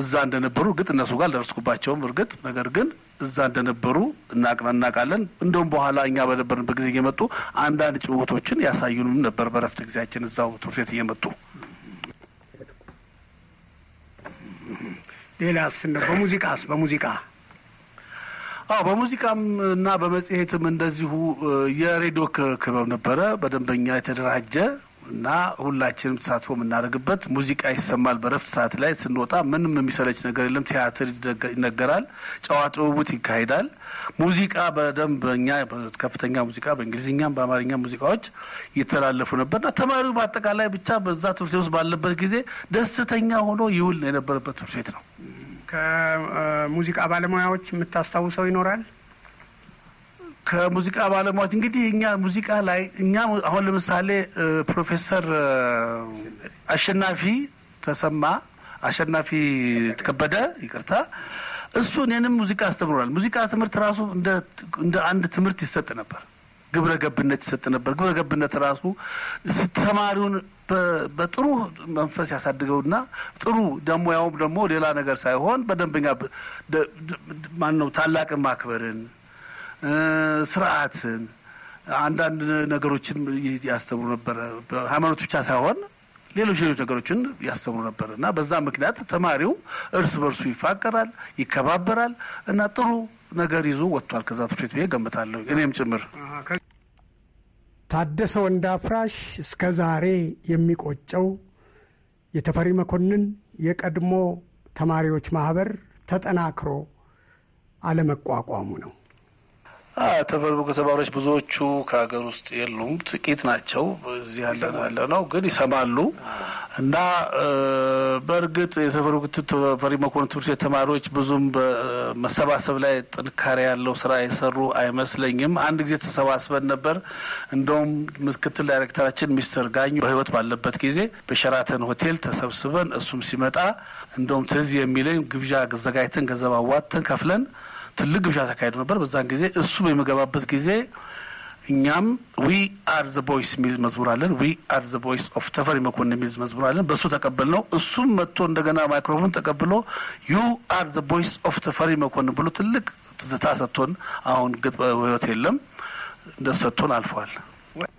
እዛ እንደነበሩ እርግጥ እነሱ ጋር አልደረስኩባቸውም። እርግጥ ነገር ግን እዛ እንደነበሩ እናውቃለን። እንደውም በኋላ እኛ በነበርንበት ጊዜ እየመጡ አንዳንድ ጭውቶችን ያሳዩንም ነበር። በረፍት ጊዜያችን እዛው ትምህርት ቤት እየመጡ ሌላስ በሙዚቃስ በሙዚቃ አዎ በሙዚቃም እና በመጽሔትም እንደዚሁ የሬዲዮ ክበብ ነበረ። በደንበኛ የተደራጀ እና ሁላችንም ተሳትፎ የምናደርግበት ሙዚቃ ይሰማል። በረፍት ሰዓት ላይ ስንወጣ ምንም የሚሰለች ነገር የለም። ቲያትር ይነገራል፣ ጨዋ ጭውውት ይካሄዳል። ሙዚቃ በደንበኛ ከፍተኛ ሙዚቃ በእንግሊዝኛም በአማርኛ ሙዚቃዎች ይተላለፉ እና ተማሪው በአጠቃላይ ብቻ በዛ ትምህርት ውስጥ ባለበት ጊዜ ደስተኛ ሆኖ ይውል የነበረበት ትምህርት ቤት ነው። ከሙዚቃ ባለሙያዎች የምታስታውሰው ይኖራል? ከሙዚቃ ባለሙያዎች እንግዲህ እኛ ሙዚቃ ላይ እኛ አሁን ለምሳሌ ፕሮፌሰር አሸናፊ ተሰማ አሸናፊ ተከበደ ይቅርታ፣ እሱ እኔንም ሙዚቃ አስተምሯል። ሙዚቃ ትምህርት ራሱ እንደ አንድ ትምህርት ይሰጥ ነበር። ግብረ ገብነት ይሰጥ ነበር። ግብረ ገብነት ራሱ ተማሪውን በጥሩ መንፈስ ያሳድገውና ጥሩ ደግሞ ያውም ደግሞ ሌላ ነገር ሳይሆን በደንበኛ ማን ነው ታላቅን ማክበርን፣ ስርዓትን፣ አንዳንድ ነገሮችን ያስተምሩ ነበረ። ሃይማኖት ብቻ ሳይሆን ሌሎች ሌሎች ነገሮችን ያስተምሩ ነበር እና በዛ ምክንያት ተማሪው እርስ በርሱ ይፋቀራል፣ ይከባበራል እና ጥሩ ነገር ይዞ ወጥቷል ከዛ ትምህርት ቤት ገምታለሁ እኔም ጭምር። ታደሰ ወንዳ ፍራሽ እስከ ዛሬ የሚቆጨው የተፈሪ መኮንን የቀድሞ ተማሪዎች ማህበር ተጠናክሮ አለመቋቋሙ ነው። ተፈልጎ ከተባሮች ብዙዎቹ ከሀገር ውስጥ የሉም፣ ጥቂት ናቸው። እዚህ ያለ ነው ያለ ነው ግን ይሰማሉ እና በእርግጥ የተፈልጎ ተፈሪ መኮንን ትምህርት ቤት ተማሪዎች ብዙም በመሰባሰብ ላይ ጥንካሬ ያለው ስራ የሰሩ አይመስለኝም። አንድ ጊዜ ተሰባስበን ነበር። እንደውም ምክትል ዳይሬክተራችን ሚስተር ጋኙ በህይወት ባለበት ጊዜ በሸራተን ሆቴል ተሰብስበን እሱም ሲመጣ እንደውም ትዝ የሚለኝ ግብዣ አዘጋጅተን ገንዘብ አዋጥተን ከፍለን ትልቅ ግብዣ ተካሄዱ ነበር። በዛን ጊዜ እሱ በሚገባበት ጊዜ እኛም ዊ አር ዘ ቦይስ የሚል መዝሙር አለን። ዊ አር ዘ ቦይስ ኦፍ ተፈሪ መኮንን የሚል መዝሙር አለን። በእሱ ተቀበል ነው። እሱም መጥቶ እንደገና ማይክሮፎን ተቀብሎ ዩ አር ዘ ቦይስ ኦፍ ተፈሪ መኮንን ብሎ ትልቅ ትዝታ ሰጥቶን፣ አሁን ህይወት የለም፣ እንደ ሰጥቶን አልፏል።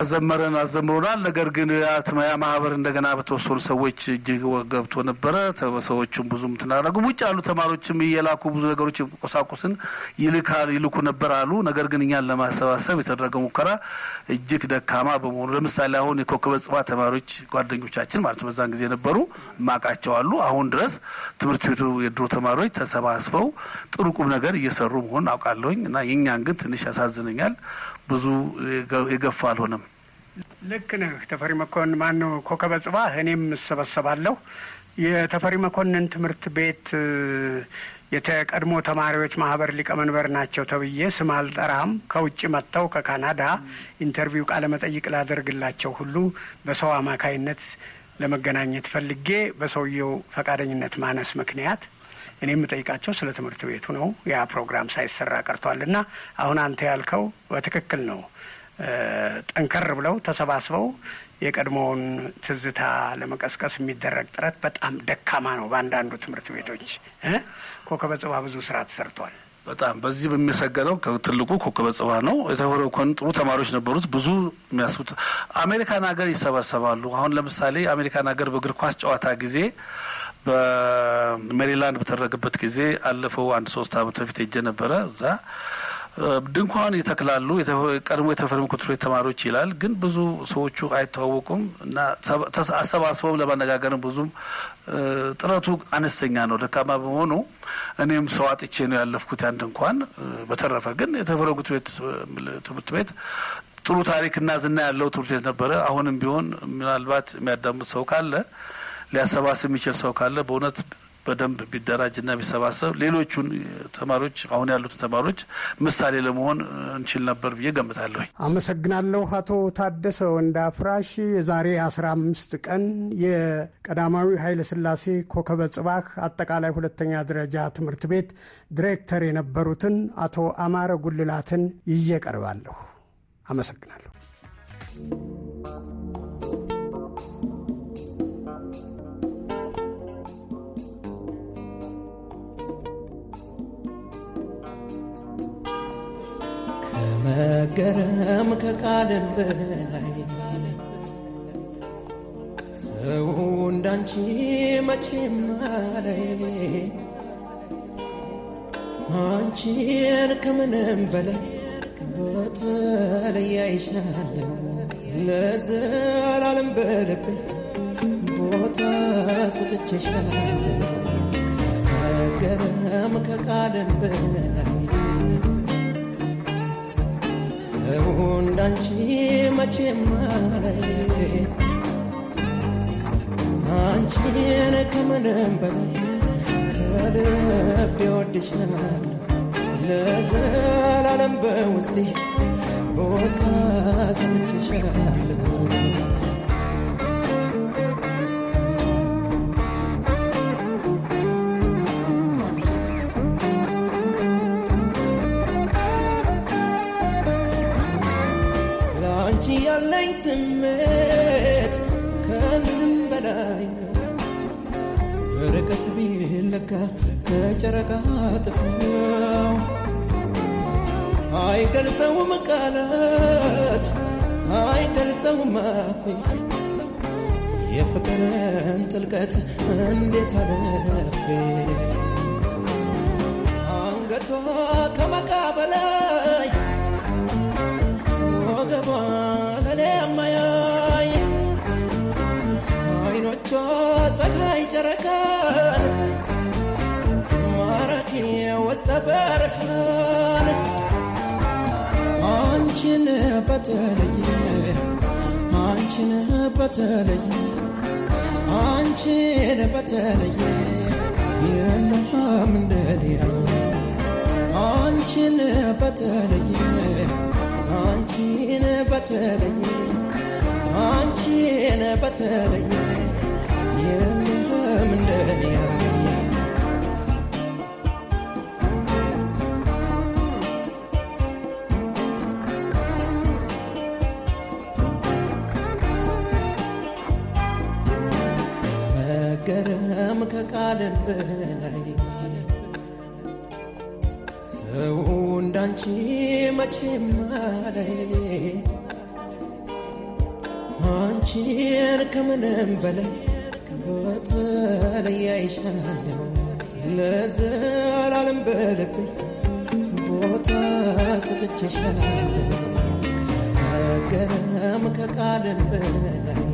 አዘመረን አዘምሮናል። ነገር ግን ያ ማህበር እንደገና በተወሰኑ ሰዎች እጅግ ገብቶ ነበረ። ሰዎቹም ብዙም ትናረጉ ውጭ ያሉ ተማሪዎችም እየላኩ ብዙ ነገሮች ቁሳቁስን ይልካል ይልኩ ነበር አሉ። ነገር ግን እኛን ለማሰባሰብ የተደረገ ሙከራ እጅግ ደካማ በመሆኑ ለምሳሌ አሁን የኮከበ ጽባ ተማሪዎች ጓደኞቻችን ማለት በዛን ጊዜ ነበሩ ማቃቸው አሉ። አሁን ድረስ ትምህርት ቤቱ የድሮ ተማሪዎች ተሰባስበው ጥሩ ቁም ነገር እየሰሩ መሆን አውቃለሁኝ እና የእኛን ግን ትንሽ ያሳዝነኛል። ብዙ የገፋ አልሆነም። ልክ ነህ ተፈሪ መኮንን። ማነው ኮከበ ጽባህ። እኔም እሰበሰባለሁ። የተፈሪ መኮንን ትምህርት ቤት የተቀድሞ ተማሪዎች ማህበር ሊቀመንበር ናቸው ተብዬ ስም አልጠራም። ከውጭ መጥተው ከካናዳ ኢንተርቪው ቃለ መጠይቅ ላደርግላቸው ሁሉ በሰው አማካይነት ለመገናኘት ፈልጌ በሰውየው ፈቃደኝነት ማነስ ምክንያት እኔ የምጠይቃቸው ስለ ትምህርት ቤቱ ነው። ያ ፕሮግራም ሳይሰራ ቀርቷል አሁን አንተ ያልከው በትክክል ነው። ጠንከር ብለው ተሰባስበው የቀድሞውን ትዝታ ለመቀስቀስ የሚደረግ ጥረት በጣም ደካማ ነው። በአንዳንዱ ትምህርት ቤቶች ኮከበ ጽባ ብዙ ስራ ተሰርቷል። በጣም በዚህ በሚሰገነው ትልቁ ኮከበ ጽባ ነው። ኮን ጥሩ ተማሪዎች ነበሩት። ብዙ የሚያስቡት አሜሪካን ሀገር ይሰባሰባሉ። አሁን ለምሳሌ አሜሪካን ሀገር በእግር ኳስ ጨዋታ ጊዜ በሜሪላንድ በተደረገበት ጊዜ አለፈው አንድ ሶስት አመት በፊት ሄጄ ነበረ እዛ ድንኳን ይተክላሉ። ቀድሞ የተፈረሙ ክትሎ ተማሪዎች ይላል፣ ግን ብዙ ሰዎቹ አይተዋወቁም እና አሰባስበው ለማነጋገርም ብዙም ጥረቱ አነስተኛ ነው። ደካማ በመሆኑ እኔም ሰው አጥቼ ነው ያለፍኩት ያን ድንኳን። በተረፈ ግን የተፈረሙ ክትሎ ትምህርት ቤት ጥሩ ታሪክና ዝና ያለው ትምህርት ቤት ነበረ። አሁንም ቢሆን ምናልባት የሚያዳምጥ ሰው ካለ ሊያሰባስብ የሚችል ሰው ካለ በእውነት በደንብ ቢደራጅና ቢሰባሰብ ሌሎቹን ተማሪዎች አሁን ያሉትን ተማሪዎች ምሳሌ ለመሆን እንችል ነበር ብዬ ገምታለሁ። አመሰግናለሁ። አቶ ታደሰ ወንድ አፍራሽ የዛሬ አስራ አምስት ቀን የቀዳማዊ ኃይለ ሥላሴ ኮከበ ጽባህ አጠቃላይ ሁለተኛ ደረጃ ትምህርት ቤት ዲሬክተር የነበሩትን አቶ አማረ ጉልላትን ይዤ ቀርባለሁ። አመሰግናለሁ። ነገረም ከቃልም በላይ ሰው እንዳንቺ መቼም አላይ አንቺን ከምንም በላይ በተለይ አይሻለሁ ለዘላለም በልብ ቦታ ሰጥቼሻለሁ ነገረም ከቃልም በላይ Undanchi machemai, anchi ne kamanamba, kada pyodishana, lazala lamba usti, bota sanchishana. ላንቺ ያለኝ ስሜት ከምንም በላይ ነው። በርቀት ቢለካ ከጨረቃ ጥፍነው አይገልጸውም ቃላት አይገልጸውም አፌ የፍቅርን ጥልቀት እንዴት አለፌ አንገቷ በላይ። ገባ ከኔ አማያይ አይኖቿ ፀሐይ ጨረቃን ማራኪ ውስጠ በረሃን አንቺን በተለየ አንቺን በተለየ አንቺን በተለየ የለም እንደሌላ አንቺን በተለየ አንቺን በተለየ አንቺን በተለየ እንደኔ ከምንም በላይ በተለይ አይሻለሁ ለዘላለም በልብ ቦታ ሰጥቼሻለሁ ከነገርም ከቃልን በላይ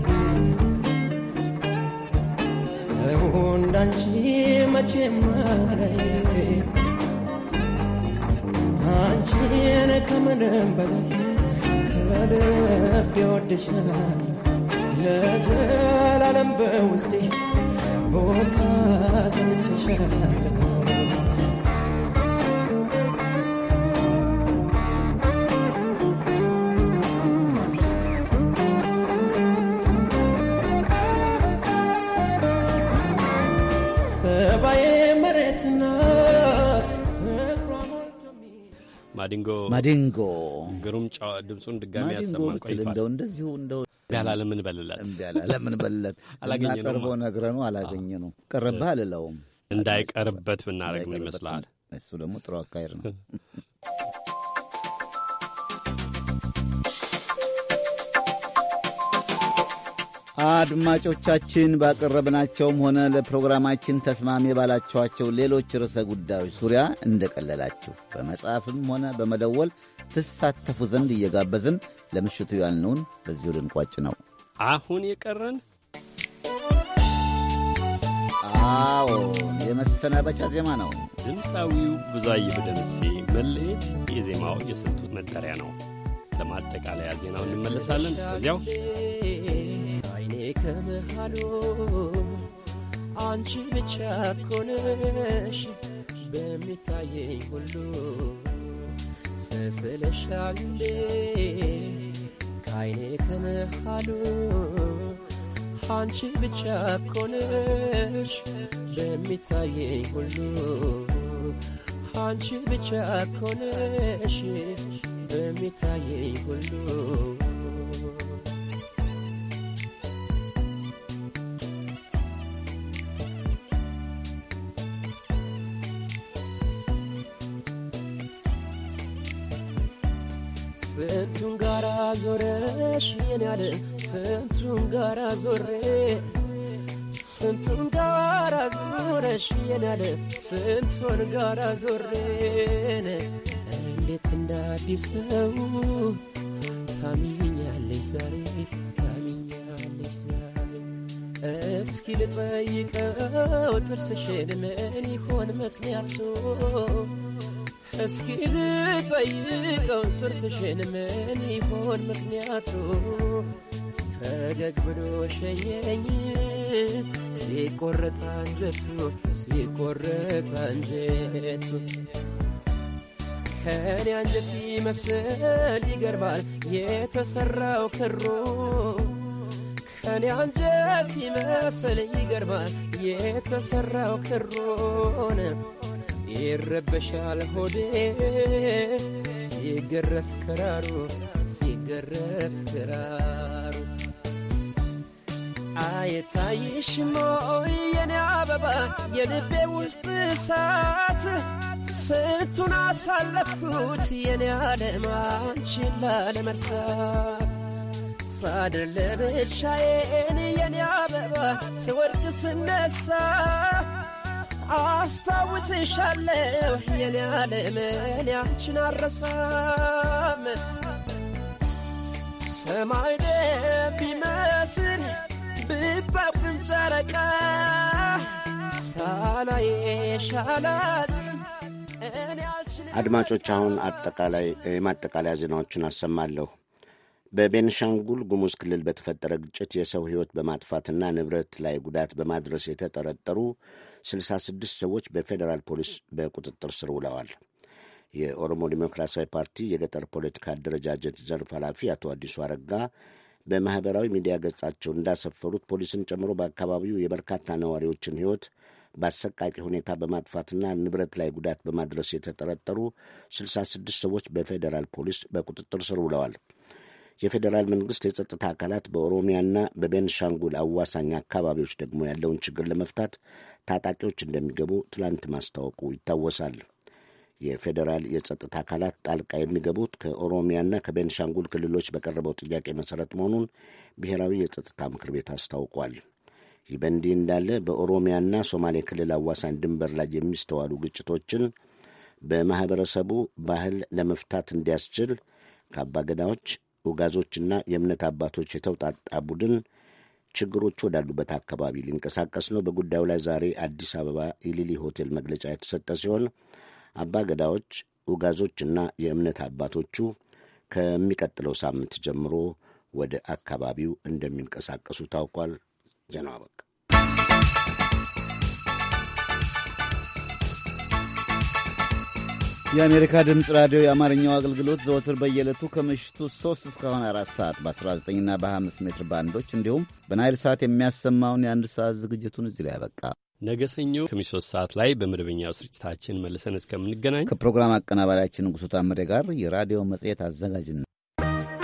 ሰው እንዳንቺ መቼም አላይ አንቺን ከምንም በላይ ከልብ እወድሻለሁ ለዘላለም በውስጤ ቦታ ሰጥቼሻለሁ። ማዲንጎ ማዲንጎ ግሩም ድምፁን ድጋሚ ያሰማል። ቆይቷል። እንደው እንደዚሁ እንደው ለምን በልለት ለምን በልለት ነግረ ነው አላገኘ ነው ቀረብህ አልለውም እንዳይቀርበት ብናደረግ ይመስልሃል። እሱ ደግሞ ጥሩ አካሄድ ነው። አድማጮቻችን ባቀረብናቸውም ሆነ ለፕሮግራማችን ተስማሚ ባላችኋቸው ሌሎች ርዕሰ ጉዳዮች ዙሪያ እንደቀለላችሁ በመጽሐፍም ሆነ በመደወል ትሳተፉ ዘንድ እየጋበዝን ለምሽቱ ያልነውን በዚሁ ልንቋጭ ነው። አሁን የቀረን አዎ የመሰናበቻ ዜማ ነው። ድምፃዊው ብዙአየሁ ደምሴ መለየት የዜማው የሰጡት መጠሪያ ነው። ለማጠቃለያ ዜናው እንመለሳለን። እዚያው ከመሃሉ አንቺ ብቻ ኮነሽ በሚታየኝ ሁሉ ሰስለሻሌ ካይኔ ከመሃሉ አንቺ ብቻ ኮነሽ በሚታየኝ ሁሉ አንቺ ብቻ ኮነሽ በሚታየኝ ሁሉ ስንቱን ጋራ ዞረሽ የናለ ስንቱን ጋራ ዞሬ ስንቱን ጋራ ዞረሽ የናለ ስንቱን ጋራ ዞሬን እንዴት እንደ አዲስ ሰው ታሚኛለሽ ዛሬ ታሚኛለሽ ዛሬ እስኪ ልጠይቀው ጥርስሽን ምን ይሆን ምክንያቱ እስኪ ልጠይቀው ጥርስሽን ምን ይሆን ምክንያቱ? ፈገግ ብሎ ሸኘኝ ሲቆረጥ አንጀቱ ሲቆረጥ አንጀቱ ከኔ አንጀት ይመስል ይገርማል የተሰራው ክሩ ከኔ አንጀት ይመስል ይገርማል የተሰራው ክሩን ይረበሻል ሆዴ ሲገረፍ ክራሩ ሲገረፍ ክራሩ አየታይሽ ሞይ የኔ አበባ የልቤ ውስጥ እሳት ስንቱን አሳለፍኩት የኔ ዓለም አንቺን ላለመርሳት ሳድር ለብቻዬን የኔ አበባ ስወድቅ ስነሳ አስታውስሻለሁ የኔ ዓለም እኔ አንቺን አረሳም ሰማይ ቢመስል ብጠብም ጨረቃ አድማጮች አሁን አጠቃላይ የማጠቃለያ ዜናዎችን አሰማለሁ። በቤንሻንጉል ጉሙዝ ክልል በተፈጠረ ግጭት የሰው ሕይወት በማጥፋትና ንብረት ላይ ጉዳት በማድረስ የተጠረጠሩ 66 ሰዎች በፌዴራል ፖሊስ በቁጥጥር ስር ውለዋል። የኦሮሞ ዴሞክራሲያዊ ፓርቲ የገጠር ፖለቲካ አደረጃጀት ዘርፍ ኃላፊ አቶ አዲሱ አረጋ በማኅበራዊ ሚዲያ ገጻቸው እንዳሰፈሩት ፖሊስን ጨምሮ በአካባቢው የበርካታ ነዋሪዎችን ሕይወት በአሰቃቂ ሁኔታ በማጥፋትና ንብረት ላይ ጉዳት በማድረስ የተጠረጠሩ 66 ሰዎች በፌዴራል ፖሊስ በቁጥጥር ስር ውለዋል። የፌዴራል መንግሥት የጸጥታ አካላት በኦሮሚያና በቤንሻንጉል አዋሳኝ አካባቢዎች ደግሞ ያለውን ችግር ለመፍታት ታጣቂዎች እንደሚገቡ ትላንት ማስታወቁ ይታወሳል። የፌዴራል የጸጥታ አካላት ጣልቃ የሚገቡት ከኦሮሚያና ከቤንሻንጉል ክልሎች በቀረበው ጥያቄ መሠረት መሆኑን ብሔራዊ የጸጥታ ምክር ቤት አስታውቋል። ይህ በእንዲህ እንዳለ በኦሮሚያና ሶማሌ ክልል አዋሳኝ ድንበር ላይ የሚስተዋሉ ግጭቶችን በማኅበረሰቡ ባህል ለመፍታት እንዲያስችል ከአባገዳዎች፣ ኡጋዞችና የእምነት አባቶች የተውጣጣ ቡድን ችግሮች ወዳሉበት አካባቢ ሊንቀሳቀስ ነው። በጉዳዩ ላይ ዛሬ አዲስ አበባ ኢሊሊ ሆቴል መግለጫ የተሰጠ ሲሆን አባ ገዳዎች፣ ኡጋዞችና የእምነት አባቶቹ ከሚቀጥለው ሳምንት ጀምሮ ወደ አካባቢው እንደሚንቀሳቀሱ ታውቋል። ዜናው አበቃ። የአሜሪካ ድምፅ ራዲዮ የአማርኛው አገልግሎት ዘወትር በየዕለቱ ከምሽቱ 3 እስካሁን 4 ሰዓት በ19 እና በ25 ሜትር ባንዶች እንዲሁም በናይል ሰዓት የሚያሰማውን የአንድ ሰዓት ዝግጅቱን እዚህ ላይ ያበቃ። ነገ ሰኞ ከምሽቱ 3 ሰዓት ላይ በመደበኛው ስርጭታችን መልሰን እስከምንገናኝ ከፕሮግራም አቀናባሪያችን ንጉሱ ታምሬ ጋር የራዲዮ መጽሔት አዘጋጅና